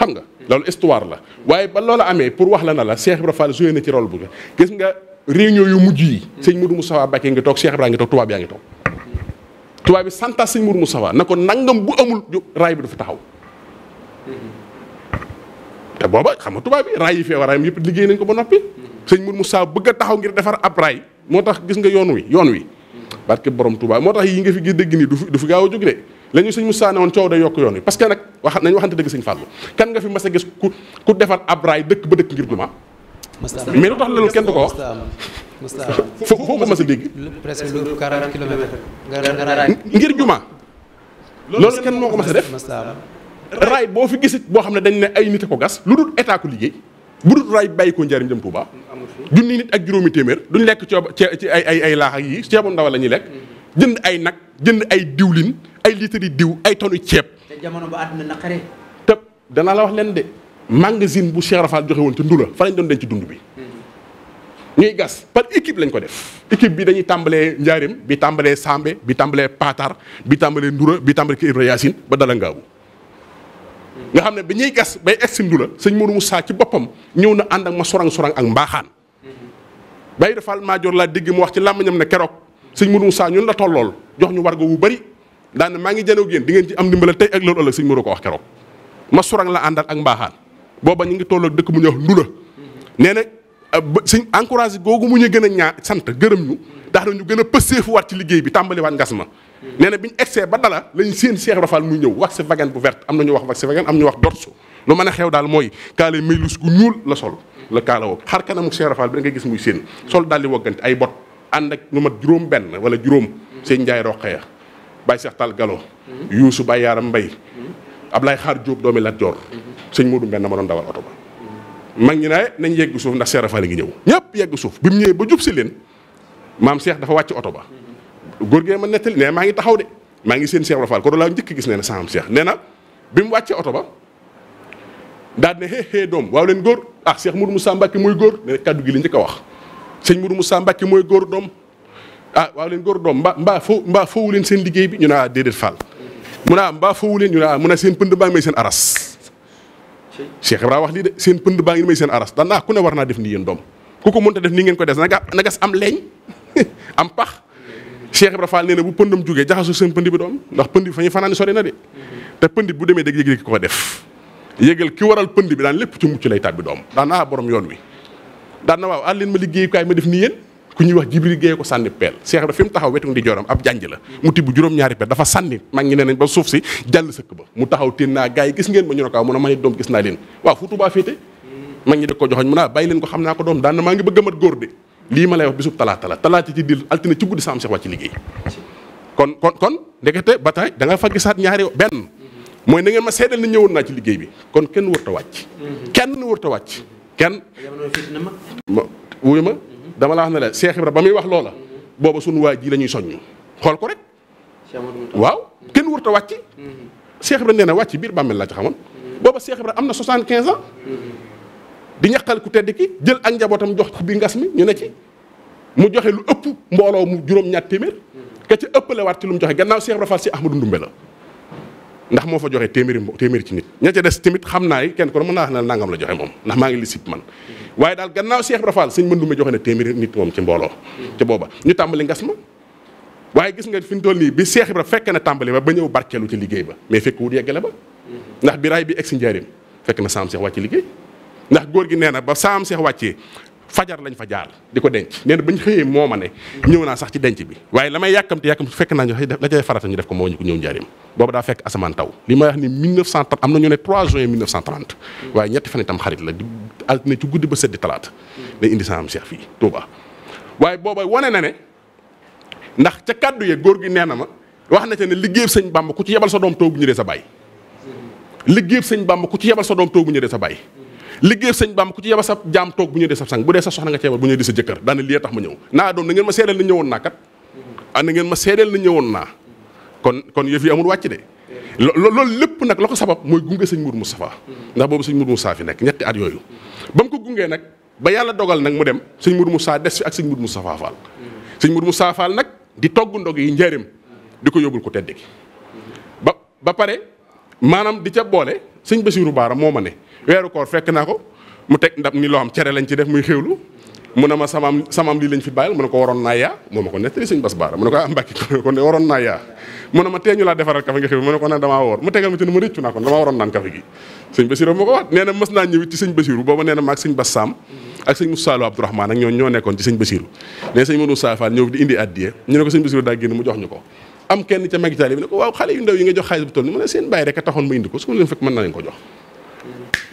nga loolu histoire la waaye ba loola amee pour wax la na la Cheikh Ibra Fall joué na bu gis nga réunion yu mujj yi sëñ Mourou Moussa Mbacke ngi toog Cheikh Ibra ngi toog tubaab yaa ngi toog tubaab bi santa sëñ mu Moustapha na ko nangam bu amul raay bi dafa taxaw. te booba xam nga tubaab bi raay yi fee war raayam yëpp liggéey nañ ko ba noppi. sëñ Mourou Moustapha bëgg a taxaw ngir defar ab raay moo tax gis nga yoon wi yoon wi. barke borom Touba moo tax yi nga fi gis dégg a jóg de yokk yoon wi parce que nag wax nañ waxante dëgg sëñ Fallou kan nga fi mas a gis ku ku defar ab raay dëkk ba dëkk ngir duma mais lu tax loolu kenn du ko wax foo ko mas a dégg. presque lu 40 kilomètres. nga raay ngir juma. loolu kenn moo ko mas a def. raay boo fi gisit boo xam ne dañ ne ay nit a ko gas lu dul état ko liggéey. bu dul raay bàyyi ko njariñ dem Touba. junni nit ak juróomi téeméer duñ lekk coob ci ay ay ay laax ak yii ceebu ndawa la ñuy lekk. jënd ay nag jënd ay diwlin ay litre diw ay tonu ceeb. te jamono ba àdduna naqare. te danaa la wax leen de. magasin bu Cheikh Rafal joxe woon te Ndula fa lañ doon denc dund bi. ñuy gas par équipe lañ ko def équipe bi dañuy tàmbalee Njaarim bi tàmbalee Sambe bi tàmbalee Patar bi tàmbalee Ndura bi tàmbalee Kër Ibra Yaasin ba Dala Ngaabu nga xam ne bi ñuy gas bay egsi Ndura sëñ Mourou saa ci boppam ñëw na ànd ak ma sorang sorang ak mbaaxaan. Baye Fall Maajoor laa dégg mu wax ci làmmiñam ne keroog sëñ Mourou Moussa ñun la tollool jox ñu wargo wu bëri daan maa ngi jëndoo génn di ngeen ci am ndimbala tey ak loolu ëllëg sëñ Mourou ko wax keroog ma sorang la àndal ak mbaaxaan booba ñu ngi tolloo dëkk bu ñuy wax Euh, ba suñ encouragé googu mu ñu gën a ñaar sant gërëm ñu tax na ñu gën a pëseefuwaat ci liggéey bi tàmbaliwaat ngas ma nee na bi ñu egsee ba dala lañ seen Cheikh Rafal muy ñëw wax si vagan bu vert am na ñu wax wax si vagan am ñu wax dorsu lu mën a xew daal mooy kaale maylus gu ñuul la sol la kaalawoo xar kanamu Cheikh Rafal bi da ngay gis muy seen sol daal di woggante ay bot ànd ak ñu ma juróom benn wala juróom seen njaay roqeya Baye Cheikh Tall Galo Youssou Baye Yaram Mbaye Ablaye Xaar Diop doomi Lat Joor sëñ Modou Mbenn ma doon dawal oto mag ñi naaye nañ yegg suuf ndax Cheikh Rafal ngi ñëw ñëpp yegg suuf bi mu ñëwee ba jub si leen maam seex dafa wàcce oto ba góor gee ma nettali nee maa ngi taxaw de maa ngi seen Cheikh Rafal ko doon laa njëkk gis nee na saam Cheikh nee na bi mu wàccee oto ba daal ne xee doom waaw leen góor ah Cheikh Mourou Moussa Mbacke mooy góor kaddu gi la njëkk a wax sëñ Mourou Moussa Mbacke mooy góor doom ah waaw leen góor doom mbaa mbaa foo mbaa foowu leen seen liggéey bi ñu naa ah, déedéet Fall mu naa ah, mbaa foowu leen ñu naa ah, mu ne seen pënd baa may seen aras Cheikh Ibrahima wax lii de seen pënd baa ngi may seen aras danaa ku ne war naa def nii yéen doom ku ko mënta def nii ngeen ko des na gas am leeñ am pax Cheikh Ibrahima Fall nee na bu pëndam jógee jaxasoo seen pënd bi doom ndax pënd bi fa ñuy fanaan sori na de te pënd bu demee dëgg yëg-yëg ko def yëgal ki waral pënd bi daan lépp ci mucc lay tàbbi doom daan naa borom yoon wi daan na waaw àlleen ma liggéeyukaay ma def nii yéen ku ñuy wax Jibril Gueye ko sànni peel Cheikh Ibra fi mu taxaw wetu ndi joram ab jànj la mu tibb juróom-ñaari peel dafa sànni mag ngi ne nañ ba suuf si jàll sëkk ba mu taxaw tin naa gars gis ngeen ma ñu ne ko mu ne ma ne naa leen ah leen ko xam naa ko doom daan maa ngi bëgg a mat góor de lii ma lay wax bisub talaata la talaata ci dil altine ci guddi saam Cheikh wàcc liggéey kon kon kon ndekete ba tey da nga fa gisaat ñaari benn mooy na ngeen ma seedal ni ñëwoon liggéey bi kon kenn wërta wàcc kenn wërta wàcc kenn wuyu ma dama la wax ne la Cheikh Ibra ba muy wax loola booba sunu waa ji la ñuy soññ xool ko rek. waaw kenn wër ta wàcc. Mm-hmm. Cheikh Ibra nee na wàcc biir bàmmeel laa ci xamoon. booba Cheikh Ibra am na 75 ans. Mm-hmm. di ñaqal ku tedd ki jël ak njabootam jox ci biir ngas mi ñu ne ci. mu joxe lu ëpp mbooloo mu juróom-ñaat téeméer. ka ca ëppalewaat ci lu mu joxe gannaaw Cheikh Ibra Fall si Ahmadou Ndoumbé la. ndax moo fa joxe téeméeri téeméeri ci nit ña ca des tamit xam naa yi kenn ko mën naa wax ne nangam la joxe moom ndax maa ngi li sib man waaye daal gannaaw Cheikh Ibra Fall sëñ mën lu ma joxe ne téeméeri nit moom ci mbooloo ca booba ñu tàmbali ngas ma waaye gis nga fi ñu toll nii bi Cheikh Ibra fekk na tàmbali ba ba ñëw barkeelu ci liggéey ba mais fekk wut yeggale ba ndax bi raay bi egsi njaarim fekk na saam Cheikh wàcc liggéey ndax góor gi nee na ba saam Cheikh wàccee fajar lañ fa jaar di ko denc nee na bañ xëyee moo ma ne ñëw naa sax ci denc bi waaye la may yàkkamti yàkkamti fekk naa ñu la cay farata ñu def ko moo ñu ko ñëw njaarim boobu daa fekk asamaan taw li may wax ni 1930 am na ñu ne 3 juin 1930 waaye ñetti fan itam xarit la di altine ci guddi ba seddi talaata day indi sa am Cheikh fii Touba waaye booba wane na ne ndax ca kàddu ye góor gi nee na ma wax na ca ne liggéeyub sañ Bàmba ku ci yebal sa doom toogu ñu dee sa bàyyi liggéeyub sëñ Bàmba ku ci sa doom toogu ñu dee sa bàyyi liggéey sëñ Bamba ku ci yaba sa jaam toog bu ñëwee sa sang bu dee sa soxna nga ci yebal bu ñëwee di sa jëkkër daane lii tax ma ñëw naa doom na ngeen ma seedeel na ñëwoon naa kat ah na ngeen ma seedeel na ñëwoon naa kon kon yëf yi amul wàcc de loolu lépp nag la ko sabab mooy gunge sëñ Mourou Moustapha ndax boobu sëñ Mourou Moustapha fi nekk ñetti at yooyu ba mu ko gungee nag ba yàlla dogal nag mu dem sëñ mu Moustapha des fi ak sëñ Mourou Moustapha Fall sëñ Mourou Moustapha Fall nag di togg ndog yi njëriñ di ko yóbbul ko tedd ba ba pare maanaam di ca boole sëñ Basiirou Baara moo ma ne weeru koor fekk naa ko mu teg ndab ni loo xam cere lañ ci def muy xéwlu mu ne ma samaam samaam lii lañ fi bàyyil mu ne ko waroon naa yaa moo ma ko woor mu tegal ma ci ne ma rëccu naa kon damaa waroon naan kafe gi sëñ Basiirou ma ko waat nee na mës naa ñëwit ci sëñ Basiirou booba nee na ma sëñ Bas Saam ak sëñ Moussa Lo Abdourahmane ak ñoo ñoo nekkoon ci sëñ Basiirou nee sëñ Modou Saa Fall ñëw di indi addiye ñu ne ko sëñ Basiirou daa ko am kenn ca magi taali bi ne waaw xale yu ndaw yi nga jox xaalis bu toll ni mu ne seen bàyyi rek a taxoon ma indi ko su ma leen fekk mën na leen jox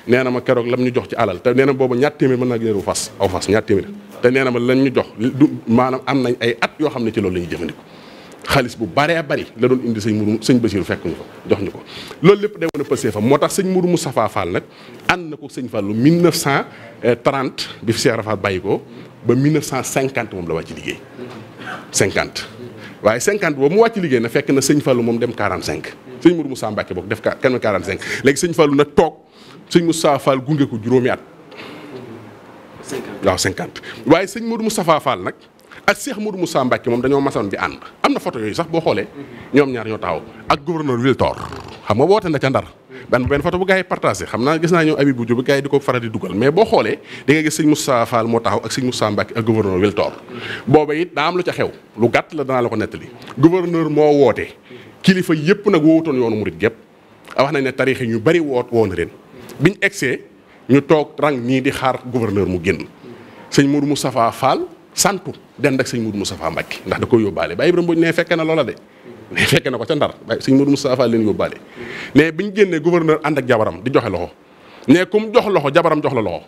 nee na ma keroog lam ñu jox ci alal nee na booba ñaar téeméer mën naa gën fas aw fas ñaar te nee na ma lañ ñu jox maanaam am na ay at yoo xam ne ci loolu la ñuy jëfandiko xaalis bu baree bari la doon indi sëñ muru sëñ basiru fekk ñu ko jox ñu ko loolu lépp day wane pësee fa moo tax sëñ muru Moustapha Fall nag ànd na ko sëñ Fallu 1930 bi fi Cheikh Rafat bàyyi ko ba cinquante moom la wàcc liggéey 50 waaye 50 boobu mu wàcc liggéey na fekk na sëñ Fallou moom dem 45. sëñ Mourou Moussa Mbacke boog def ka kenn 45 léegi sëñ Fallou nag toog sëñ Moussa Fall gunge ko juróomi at. 50 waaw 50 waaye sëñ Mourou Moustapha Fall nag. ak Cheikh Modou Moussa Mbacke moom dañoo masoon di ànd am na photo yooyu sax boo xoolee ñoom ñaar ñoo taxaw ak gouverneur Wiltor xam nga woote na ca ndar benn benn foto bu gars yi xam naa gis naa ñoom Abibou bu gars yi di ko faral di dugal mais boo xoolee di nga gis sëñ Moussa Fall moo taxaw ak sëñ Moussa Mbacke ak gouverneur Wiltor booba it daa am lu ca xew lu gàtt la danaa la ko nettali gouverneur moo woote kilifa yëpp nag wootoon yoonu mu gépp wax nañ ne tarix yi ñu bari woot woon ren biñ egsee ñu toog rang nii di xaar gouverneur mu génn sëñ Modou Moustapha Fall santu dend ak sëñ Modou Moustapha Mbacké ndax da ko yóbbaale Baye Ibrahima Mbodj ne fekke na loola de ne fekke na ko ca Ndar Baye sëñ Modou Moustapha mu jox loxo jabaram jox la loxo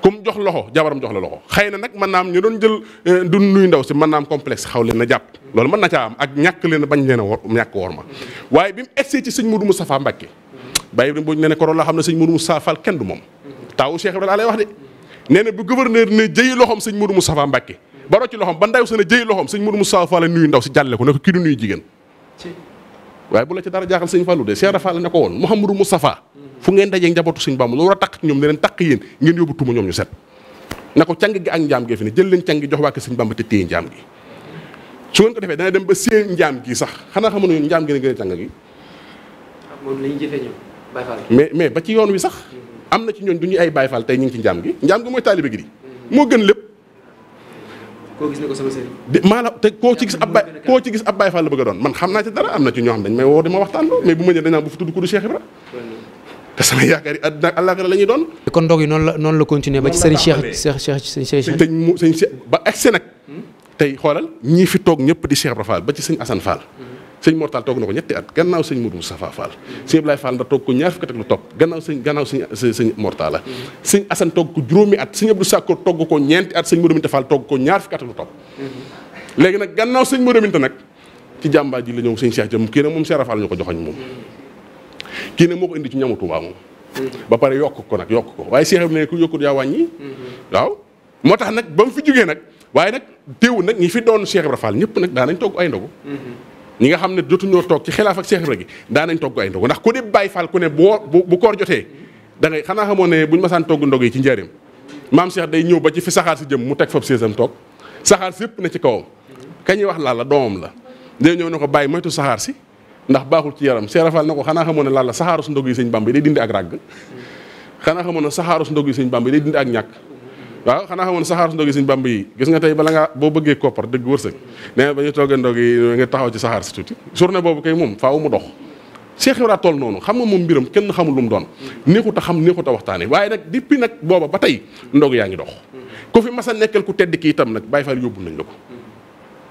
ku mu jox loxo jabaram jox la loxo xëy na nag mën naa am ñu doon jël eh, du nuy ndaw si mën naa am complexe xaw leen a jàpp loolu mën na caa am ak ñàkk leen bañ leen a wor ñàkk wor ma waaye bi mu egsee ci sëñ Modou Moustapha Mbacké Baye Ibrahima Mbodj ne ne ko loolu la xam ne sëñ Modou Moustapha Fall kenn du moom taawu nee na bu gouverneur ne jëyi loxoom sëñ Modou Moustapha Mbacké ba rocc loxoom ba ndaw sa ne jëyi loxoom sëñ Modou Moustapha Fall nuyu ndaw si jàlle ko ne ko kii du nuyu jigéen waaye bu la ci dara jaaxal sëñ Fallou de Cheikh Fall ne ko woon Mouhamadou Moustapha fu ngeen dajee njabootu sëñ Bamba loolu a taq ñoom ne leen taq yéen ngeen yóbbu tuma ñoom ñu set na ko càng gi ak njaam gi fi ne jël leen càng gi jox waa ko sëñ Bamba te téye njaam gi su ngeen ko defee dana dem ba seen njaam gi sax xanaa xamoon ñoom njaam gi ne gën a càng gi mais mais ba ci yoon wi sax hmm. am na ci ñoon du ñu ay Baay Faal tey ñu ngi ci njaam gi njaam gi mooy taalibe gi di moo gën lépp. koo gis ne ko sama maa la te koo ci gis ab bay koo ci gis ab Baay Faal la bëgg a doon man xam naa ci dara am na ci ñoo xam dañ may woo di ma waxtaan lool mais bu ma ñëwee dañ naan bu fi tudd ku du Cheikh Ibra te sama yaakaar yi àddina ak àllaaxira la ñuy doon. kon ndog yi noonu la noonu la continuer ba ci sëriñ Cheikh Cheikh Cheikh Cheikh. dañ mu sëñ ba nag. Hmm? tey xoolal ñii fi toog ñëpp di Cheikh Ibra ba ci sëñ asan Fall sëñ Mortal toog na ko ñetti at gannaaw sëñ Modou Moustapha Fall sëñ Ablaye Fall nda toog ko ñaar fukki at ak lu topp gannaaw sëñ gannaaw sëñ sëñ Mortala sëñ Assane toog ko juróomi at sëñ Abdou Sakkoor togg ko ñeenti at sëñ Modou Minta Fall togg ko ñaar fukki at ak lu topp léegi nag gannaaw sëñ Modou Minta nag ci jàmbaar ji la ñëw sëñ Cheikh Jëm kii ne moom Cheikh Fall ñu ko joxoñ moom kii ne moo ko indi ci ñamu Tuubaa moom ba pare yokk ko nag yokk ko waaye Cheikh Iblaye ne ku yokkut yaa wàññi waaw moo tax nag ba mu fi jógee nag waaye nag téewul nag ñi fi doon Cheikh Ibra Fall ñëpp nag daa nañ togg ay ndogu ñi nga xam ne jotuñoo toog ci xilaaf ak Cheikh Ibra gi daanañ togg ay ndogu ndax ku di Baay Faal ku ne boo bu koor jotee da xanaa xamoon ne buñ masaan togg ndog yi ci njëriñ maam Cheikh day ñëw ba ci fi saxaar si jëm mu teg fab séesam toog saxaar si yëpp ne ci kawam kañuy wax laala la doomam la day ñëw ne ko bàyyi moytu saxaar si ndax baaxul ci yaram seerafal na ko xanaa xamoon ne laal la saxaarus ndog yi sëñ Bamba day dindi ak ragg xanaa xamoon ne saxaarus ndog yi sëñ Bamba day ak ñàkk waaw xanaa xamoon saxaaru ndogi suñ bamb yi gis nga tey bala ngaa boo bëggee koppar dëgg wërsëg nee na ba ñu toogee ndog yi nga taxaw ci saxaar si tuuti journée boobu koy moom faaw mu dox Cheikh Ibra toll noonu xam nga moom mbiram kenn xamul lu mu doon neexut a xam neexut a waxtaane waaye nag depuis nag booba ba tey ndog yaa ngi dox ku fi mas a ku tedd ki itam nag Baye Fall yóbbu nañ la ko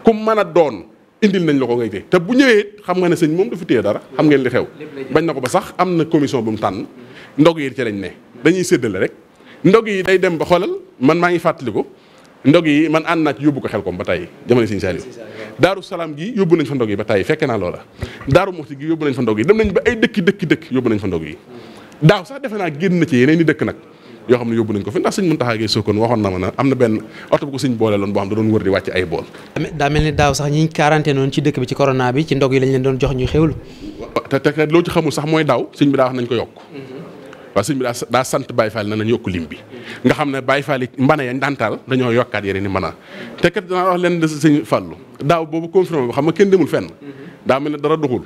ku mën doon indil nañ la ko ngay tey te bu ñëwee xam nga ne sëñ moom du fi téye dara xam ngeen li xew bañ na ko ba sax am na commission bu mu tànn ndog yi ci lañ ne dañuy séddale rek ndog yi day dem ba xoolal man maa ngi fàttaliku ndog yi man ànd naa ci yóbbu ko xel kom ba tey jamono Sëriñ Saaliw daaru salaam gi yóbbu nañ fa ndog yi ba tey fekke naa loola daaru muxti gi yóbbu nañ fa ndog yi dem nañ ba ay dëkki dëkki dëkk yóbbu nañ fa ndog yi daaw sax defe naa génn na ci yeneen dëkk nag yoo xam ne yóbbu nañ ko fi ndax sëñ Muntaxa Gaye Sokone waxoon na ma na am na benn oto bu ko sëñ boole loon boo xam da doon wër di wàcc ay bool daa mel ni daaw sax ñi quarantaine noonu ci dëkk bi ci corona bi ci ndog yi lañ leen doon jox ñu xewlu te loo sax mooy daaw sëñ bi daa wax nañ ko yokk mm-hmm. waaw sëñ bi daa daa sant Baye Fall na nañ yokk lim xam ne Baye Fall yi mbana yañ daan taal dañoo yokkaat yeneen i mbana te kat dinaa wax leen de sëñ daaw boobu confirmé bi xam nga kenn demul fenn daa mel ne dara doxul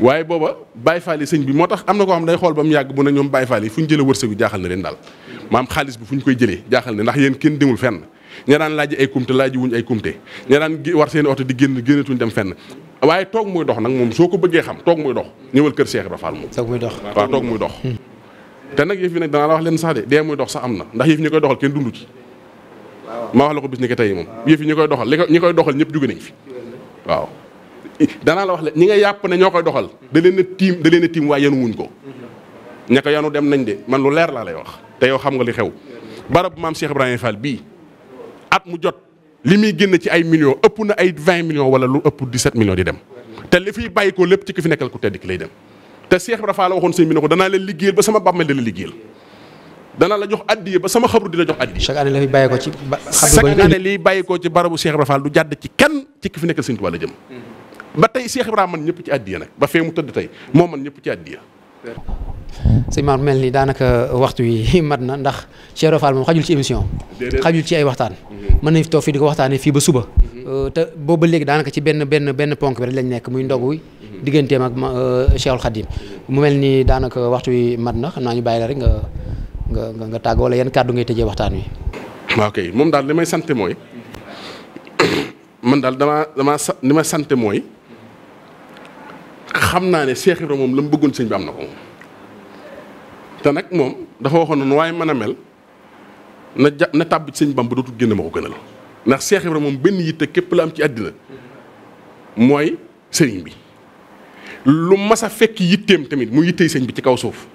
waaye booba Baye Fall yi sëñ bi moo tax am na koo xam day xool ba mu yàgg bu ne ñoom Baye Fall yi fu ñu jëlee wërsëgu jaaxal na leen daal maam xaalis bi fu ñu koy jëlee jaaxal ne ndax yéen kenn demul fenn ña daan laaj ay kumte laaj wuñ ay kumte ña daan war seen oto di génn génnatuñ dem fenn waaye toog muy dox nag moom soo ko bëggee xam toog dox ñëwal kër Cheikh Ibra Fall dox waaw toog dox hmm. te nag yëf yi nag danaa la wax leen sax de dee muy dox sax am na ndax yëf ñi koy doxal kenn dundu ci ma wax la ko bis ni ko tey moom yëf yi ñi koy doxal li ñi koy doxal ñëpp jóge nañ fi waaw danaa la wax le ñi nga yàpp ne ñoo koy doxal da leen a tiim da leen a tiim waaye yenu wuñ ko ña ko dem nañ de man lu leer laa lay wax te yow xam nga li xew barab maam Cheikh Ibrahima Fall bii at mu jot li muy génn ci ay millions ëpp na ay 20 millions wala lu ëpp 17 millions di dem te li fiy bàyyi ko lépp ci fi nekkal ku tedd ki lay dem te Cheikh Ibra Fall la waxoon sëñ bi ko danaa leen liggéeyal ba sama bàmmeel di la liggéeyal danaa la jox addiye ba sama xabru di la jox addiye. chaque année la fi bàyyeekoo ci ba chaque année liy bàyyeekoo ci barabu Cheikh Ibra Fall du jàdd ci kenn ci ki fi nekkal sëñ Tuubaa la jëm. Mm-hmm. ba tey Cheikh Ibra man ñëpp ci addiye nag ba fee mu tëdd tey moom man ñëpp ci addiye sëñ Maam mel ni daanaka waxtu wi mat na ndax Cheikh Fall moom xajul ci émission xajul ci ay waxtaan mhm. mën nañ fi toog fii di ko wi fii ba suba mhm. euh, te booba léegi daanaka ci benn benn benn ponk bi rek lañ nekk muy ndogu mhm. digganteem ak euh, Cheikhul Khadim mu mel ni daanaka waxtu wi mat na xam naa ñu bàyyi la rek nga nga nga tàgg wala yan kàddu ngay tëjee waxtaan wi waaw kay moom daal li may sant mooy man daal damaa damaa li ma sant mooy xam naa ne Cheikh Ibrahima moom la mu bëggoon sëñ bi am na ko moom te nag moom dafa waxoon na nu waaye mën a mel na ja na tàbb ci sëñ Bamba dootul génn moo ko gënal ndax Cheikh Ibrahima moom benn yitte képp la am ci àddina mooy sëriñ bi lu masa a fekk yitteem tamit mu yittey sëñ bi ci kaw suuf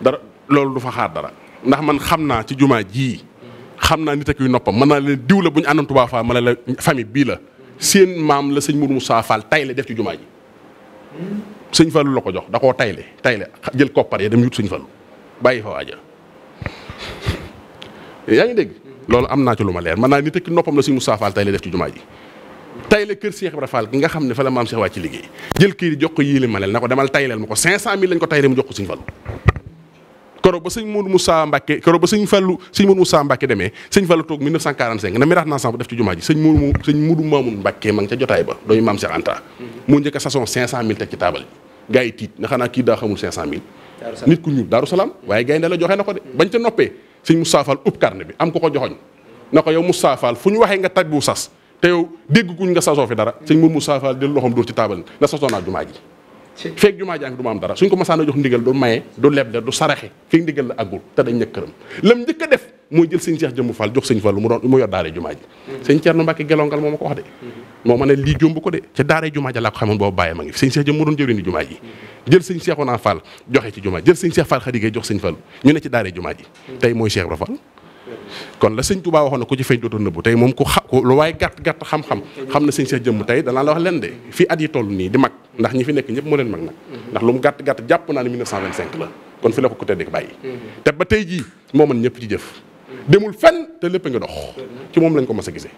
dara loolu du fa xaar dara ndax man xam naa ci jumaa jii xam naa nit ak yu noppam mën naa leen diw la bu ñu àndoon Touba Fall ma ne la famille bii la seen maam la sëñ bu Moussa Fall tay def ci jumaa sëñ Fallou la ko jox da koo tayle tayle jël koppar ya dem yut sëñ Fallou bàyyi fa waaja yaa ngi dégg. loolu am naa ci lu ma leer man naa ni tekki noppam la sëñ Moustapha Fall tayle def ci jumaa ji tayle kër Cheikh Ibra Fall gi nga xam ne fa la maam Cheikh waa ci liggéey jël kër yi jox ko yéeli manel na ko demal tayleel ma ko 500000 lañ ko tayle mu jox ko sëñ Fallou keroog ba sëñ Modou Moussa Mbacke keroog ba sëñ Fallou sëñ Modou Moussa Mbacke demee sëñ Fallou toog 1945 na miraax naa sàmp def ci jumaa ji sëñ Modou sëñ Modou Mamoun Mbacke ma ca jotaay ba dooñu maam Cheikh mu njëkk a sason 500000 teg ci taabal gars yi upp carnet bi am ko ko joxoñ na ko mu saa Fall fu ñu waxee nga tabbu sas te yow dégg kuñ nga sasoo fi dara sëñ Modou Moussa Fall jël loxoom dóor ci taabal na sasoo naa jumaa ji feeg jumaa jàng du ma am dara suñ ko a jox ndigal du maye du leble du saraxe fii ndigal la àggul te dañ nekk lam njëkk a def mooy jël sëñ Cheikh jëmbu Fall ko wax de joxe ci jumaa jël sëñ Cheikh Fall Xadigee jox sëñ Fall ñu ne ci daare jumaa ji tey mooy Cheikh Ibra Fall kon la sëñ Touba waxoon na ku ci feeñ dootoon nëbbu tey moom ku xa lu waaye gàtt gàtt xam-xam xam na sëñ Cheikh jëmm tey danaa la wax leen de fii at yi toll nii di mag ndax ñi fi nekk ñëpp moo leen mag nag mhm. ndax lu mu gàtt gàtt jàpp naa ne 1925 la kon fi la ko ku tedd ki bàyyi mhm. te ba tey jii moom man ñëpp ci jëf mhm. demul fenn te lépp a ngi dox ci moom lañ ko mës a gisee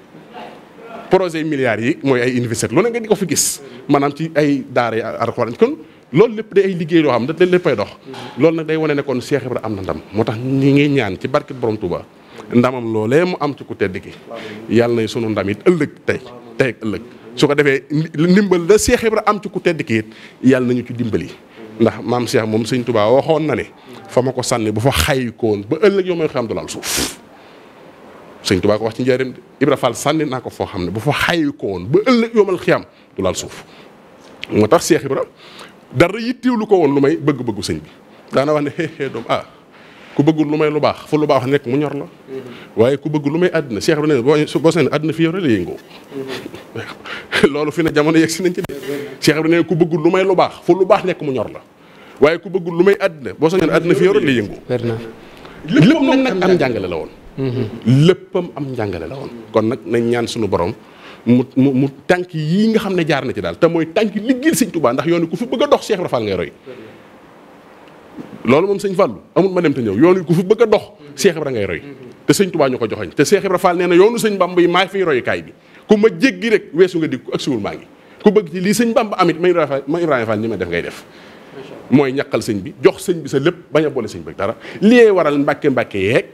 projet milliards yi mooy ay université lu ne nga di ko gis maanaam ci ay daara alxuraan kon loolu lépp day ay liggéey yoo xam ne dañ léppay dox lool nag day wane ne kon Cheikh Ibra am na ndam moo tax ñi ngi ñaan ci barke borom Touba ndamam loolee mu am ci ku tedd ki yàlla na sunu ndamit ëllëg tey tey ëllëg su ko defee ndimbal la Seex ra am ci ku tedd ki it yàlla nañu ci dimbali. ndax maam Seex moom sëñ Tuubaa waxoon na ne fa ma ko sànni bu fa xay koon ba ëllëg yow may xam du laal wax ci njëriñ Ibra Fall naa ko foo xam ne bu fa xayu woon ba ëllëg yoomal xiyam du laal suuf moo tax Seex Ibra dara yittiwlu ko woon lu may bëgg-bëggu sëñ bi daana wax ne xeexee doom ah, ku bëggul lu may lu baax fu lu baax nekk mu ñor la waaye ku bëgg lu may àddina Cheikh bi ne boo seen àddina fi yow rek la yëngoo loolu fi ne jamono yegg si nañ ci de Cheikh bi ku bëggul lu may lu baax fu lu baax nekk mu ñor la waaye ku bëggul lu may àddina boo seen àddina fi yow rek la yëngoo léppam nag am njàngale la woon mm-hmm. léppam am njàngale la woon kon nag nañ ñaan suñu borom mu mu mu tànk yii nga xam ne jaar na ci daal te mooy tànk liggéeyal Sëñ Tuubaa ndax yoon ku fi bëgg a dox Cheikh Ibra Fall ngay roy loolu moom sëñ Fallou amul ma dem te ñëw yoonu ku fi bëgg a dox Cheikh Ibra ngay roy te sëñ Touba ñu ko joxañ te Cheikh Ibra Fall nee na yoonu sëñ Bamba yi maay fiy royukaay bi ku ma jeggi rek weesu nga dig ku ak siwul ku bëgg ci lii sëñ Bamba amit ma Ibrahima Fall ma def ngay def mooy ñaqal sëñ bi jox sëñ bi sa lépp bañ a boole sëñ bi dara liyee waral mbàkke mbàkke yeeg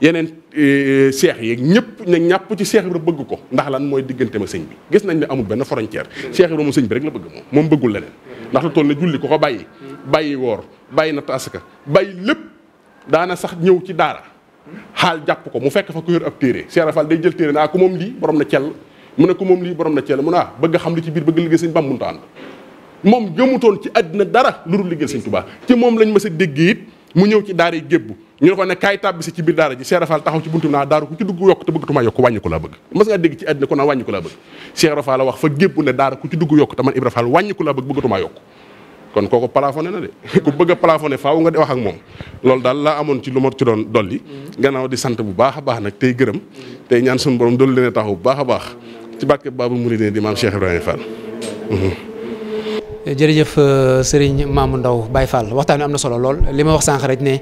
yeneen e, seex yeeg ñëpp ne ñàpp ci Seex Ibra bëgg ko ndax lan mooy diggante ma sëñ bi gis nañ ne amul benn frontière Seex Ibra moom sëñ bi rek la bëgg moom moom bëggul leneen ndax lu toll ko ko bàyyi bàyyi woor bàyyi natt asaka bàyyi lépp daana sax ñëw ci daara xaal jàpp ko mu fekk fa ku yor ab téere Cheikh Fall day jël téere naa ah, ku moom lii borom na cell mu ne ko moom lii borom na cell mu ne ah bëgg xam li ci biir bëgg liggéey sëñ bàmmunta ànd moom gëmutoon ci àddina dara lu dul liggéey sëñ Tuubaa ci moom lañ mës a dégg it mu ñëw ci daara yi ñu ne ne kaay tàbbi ci biir daara ji Cheikh Rafal taxaw ci buntu ah, ku ci dugg yokk te bëggatumaa yokk ah, yokk te man Ibra Fall wàññi ko laa kon kooku plafonné na de ku bëgg a plafonné faaw nga di wax ak moom loolu daal laa amoon ci lu ma ci doon dolli. gannaaw di sant bu baax a baax nag tey gërëm tey ñaan suñu borom dolli leen taxaw bu baax a baax ci mu Babou Mourideen di maam Cheikh Ibrahima Fall. Mhm. jërëjëf euh, sëriñ Mamou Ndaw baay Fall waxtaan wi am na solo lool li ma wax sànq rek ne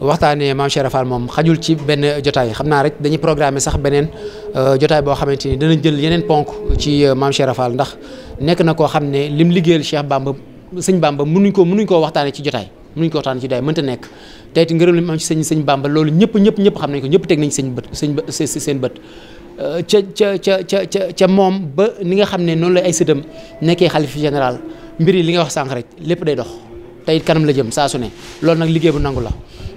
waxtaanee maam Cheikh Fall moom xajul ci benn jotaay xam naa rek dañuy programme sax beneen euh, jotaay boo xamante ni dana jël yeneen ponk ci euh, maam Cheikh ndax nekk na koo xam ne lim liggéeyal Cheikh Bamba sëñ Bamba mënuñ ko mënuñ koo waxtaane ci jotaay mënuñ ko waxtaane ci jotaay mënta nekk te it ngërëm li mu am ci sëñ sëñ Bamba loolu ñëpp ñëpp ñëpp xam ko ñëpp teg nañ seen bët seen euh, bët ca ca ca ca ca ca moom ba ni nga xam ne noonu la ay sëtam nekkee xalifa général mbir yi li nga wax sànq rek lépp day dox te kanam la jëm saa su ne loolu nag liggéey bu nangu la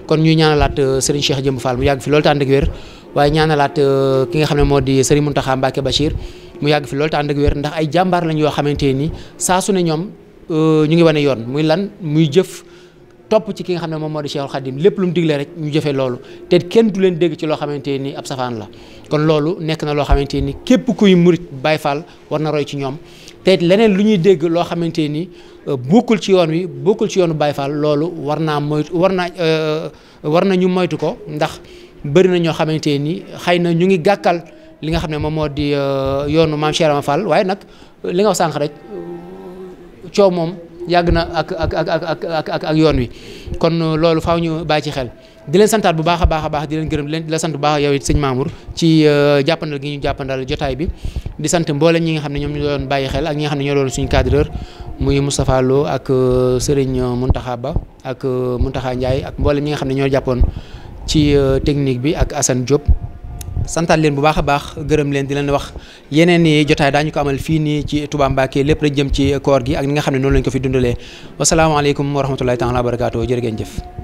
kon ñuy ñaanalaat euh, Serigne Cheikh Jëmb Fall mu yàgg fi loolu te ànd ak wér waaye ñaanalaat euh, ki nga xam ne moo di Serigne Mountakha Mbacké Bachir mu yàgg fi loolu te ànd ndax ay jàmbaar lañ yoo xamante ni saa ne ñoom Euh, ñu ngi wane yoon muy lan muy jëf topp ci ki nga xam ne moom moo di Cheikhul Khadim lépp lu mu diglee rek ñu jëfee loolu te kenn du leen dégg ci loo xamante ni ab safaan la kon loolu nekk na loo xamante ni képp kuy murit Baay Faal war na roy ci ñoom leneen lu ñuy dégg loo xamante ni euh, bokkul ci yoon wi bokkul ci yoonu Baay Faal loolu war naa moytu war naa euh, war na ñu moytu ko ndax bëri na ñoo xamante ni xëy na ñu ngi gàkkal li nga xam ne moom moo di yoonu maam Cheikh Ibra Fall waaye nag li nga wax sànq rek coow moom yàgg na ak ak ak ak ak ak ak yoon wi kon euh, loolu faw ñu bàyyi ci xel di leen santaat bu baax a baax a baax di leen gërëm leen di la sant bu baax yow it sëñ Mamour ci euh, jàppandal gi ñu jàppandal jotaay bi di sant mboolem ñi nga xam ne ñoom ñu doon bàyyi xel ak ñi nga xam ne ñoo doon suñu cadreur muy Moustapha Lo ak euh, Serigne Mountakha Ba ak Mountakha Ndiaye ak mboolem ñi nga xam ne ñoo jàppoon ci technique bi ak assan Diop. santaat leen bu baax a baax gërëm leen di wax yeneen i jotaay daañu ko amal fii nii ci Touba Mbacké lépp rek jëm ci koor gi ak ni nga xam ne noonu lañ ko fi dundalee wasalaamaaleykum wa rahmatulahi taala wa barakaatu jërë ngeen jëf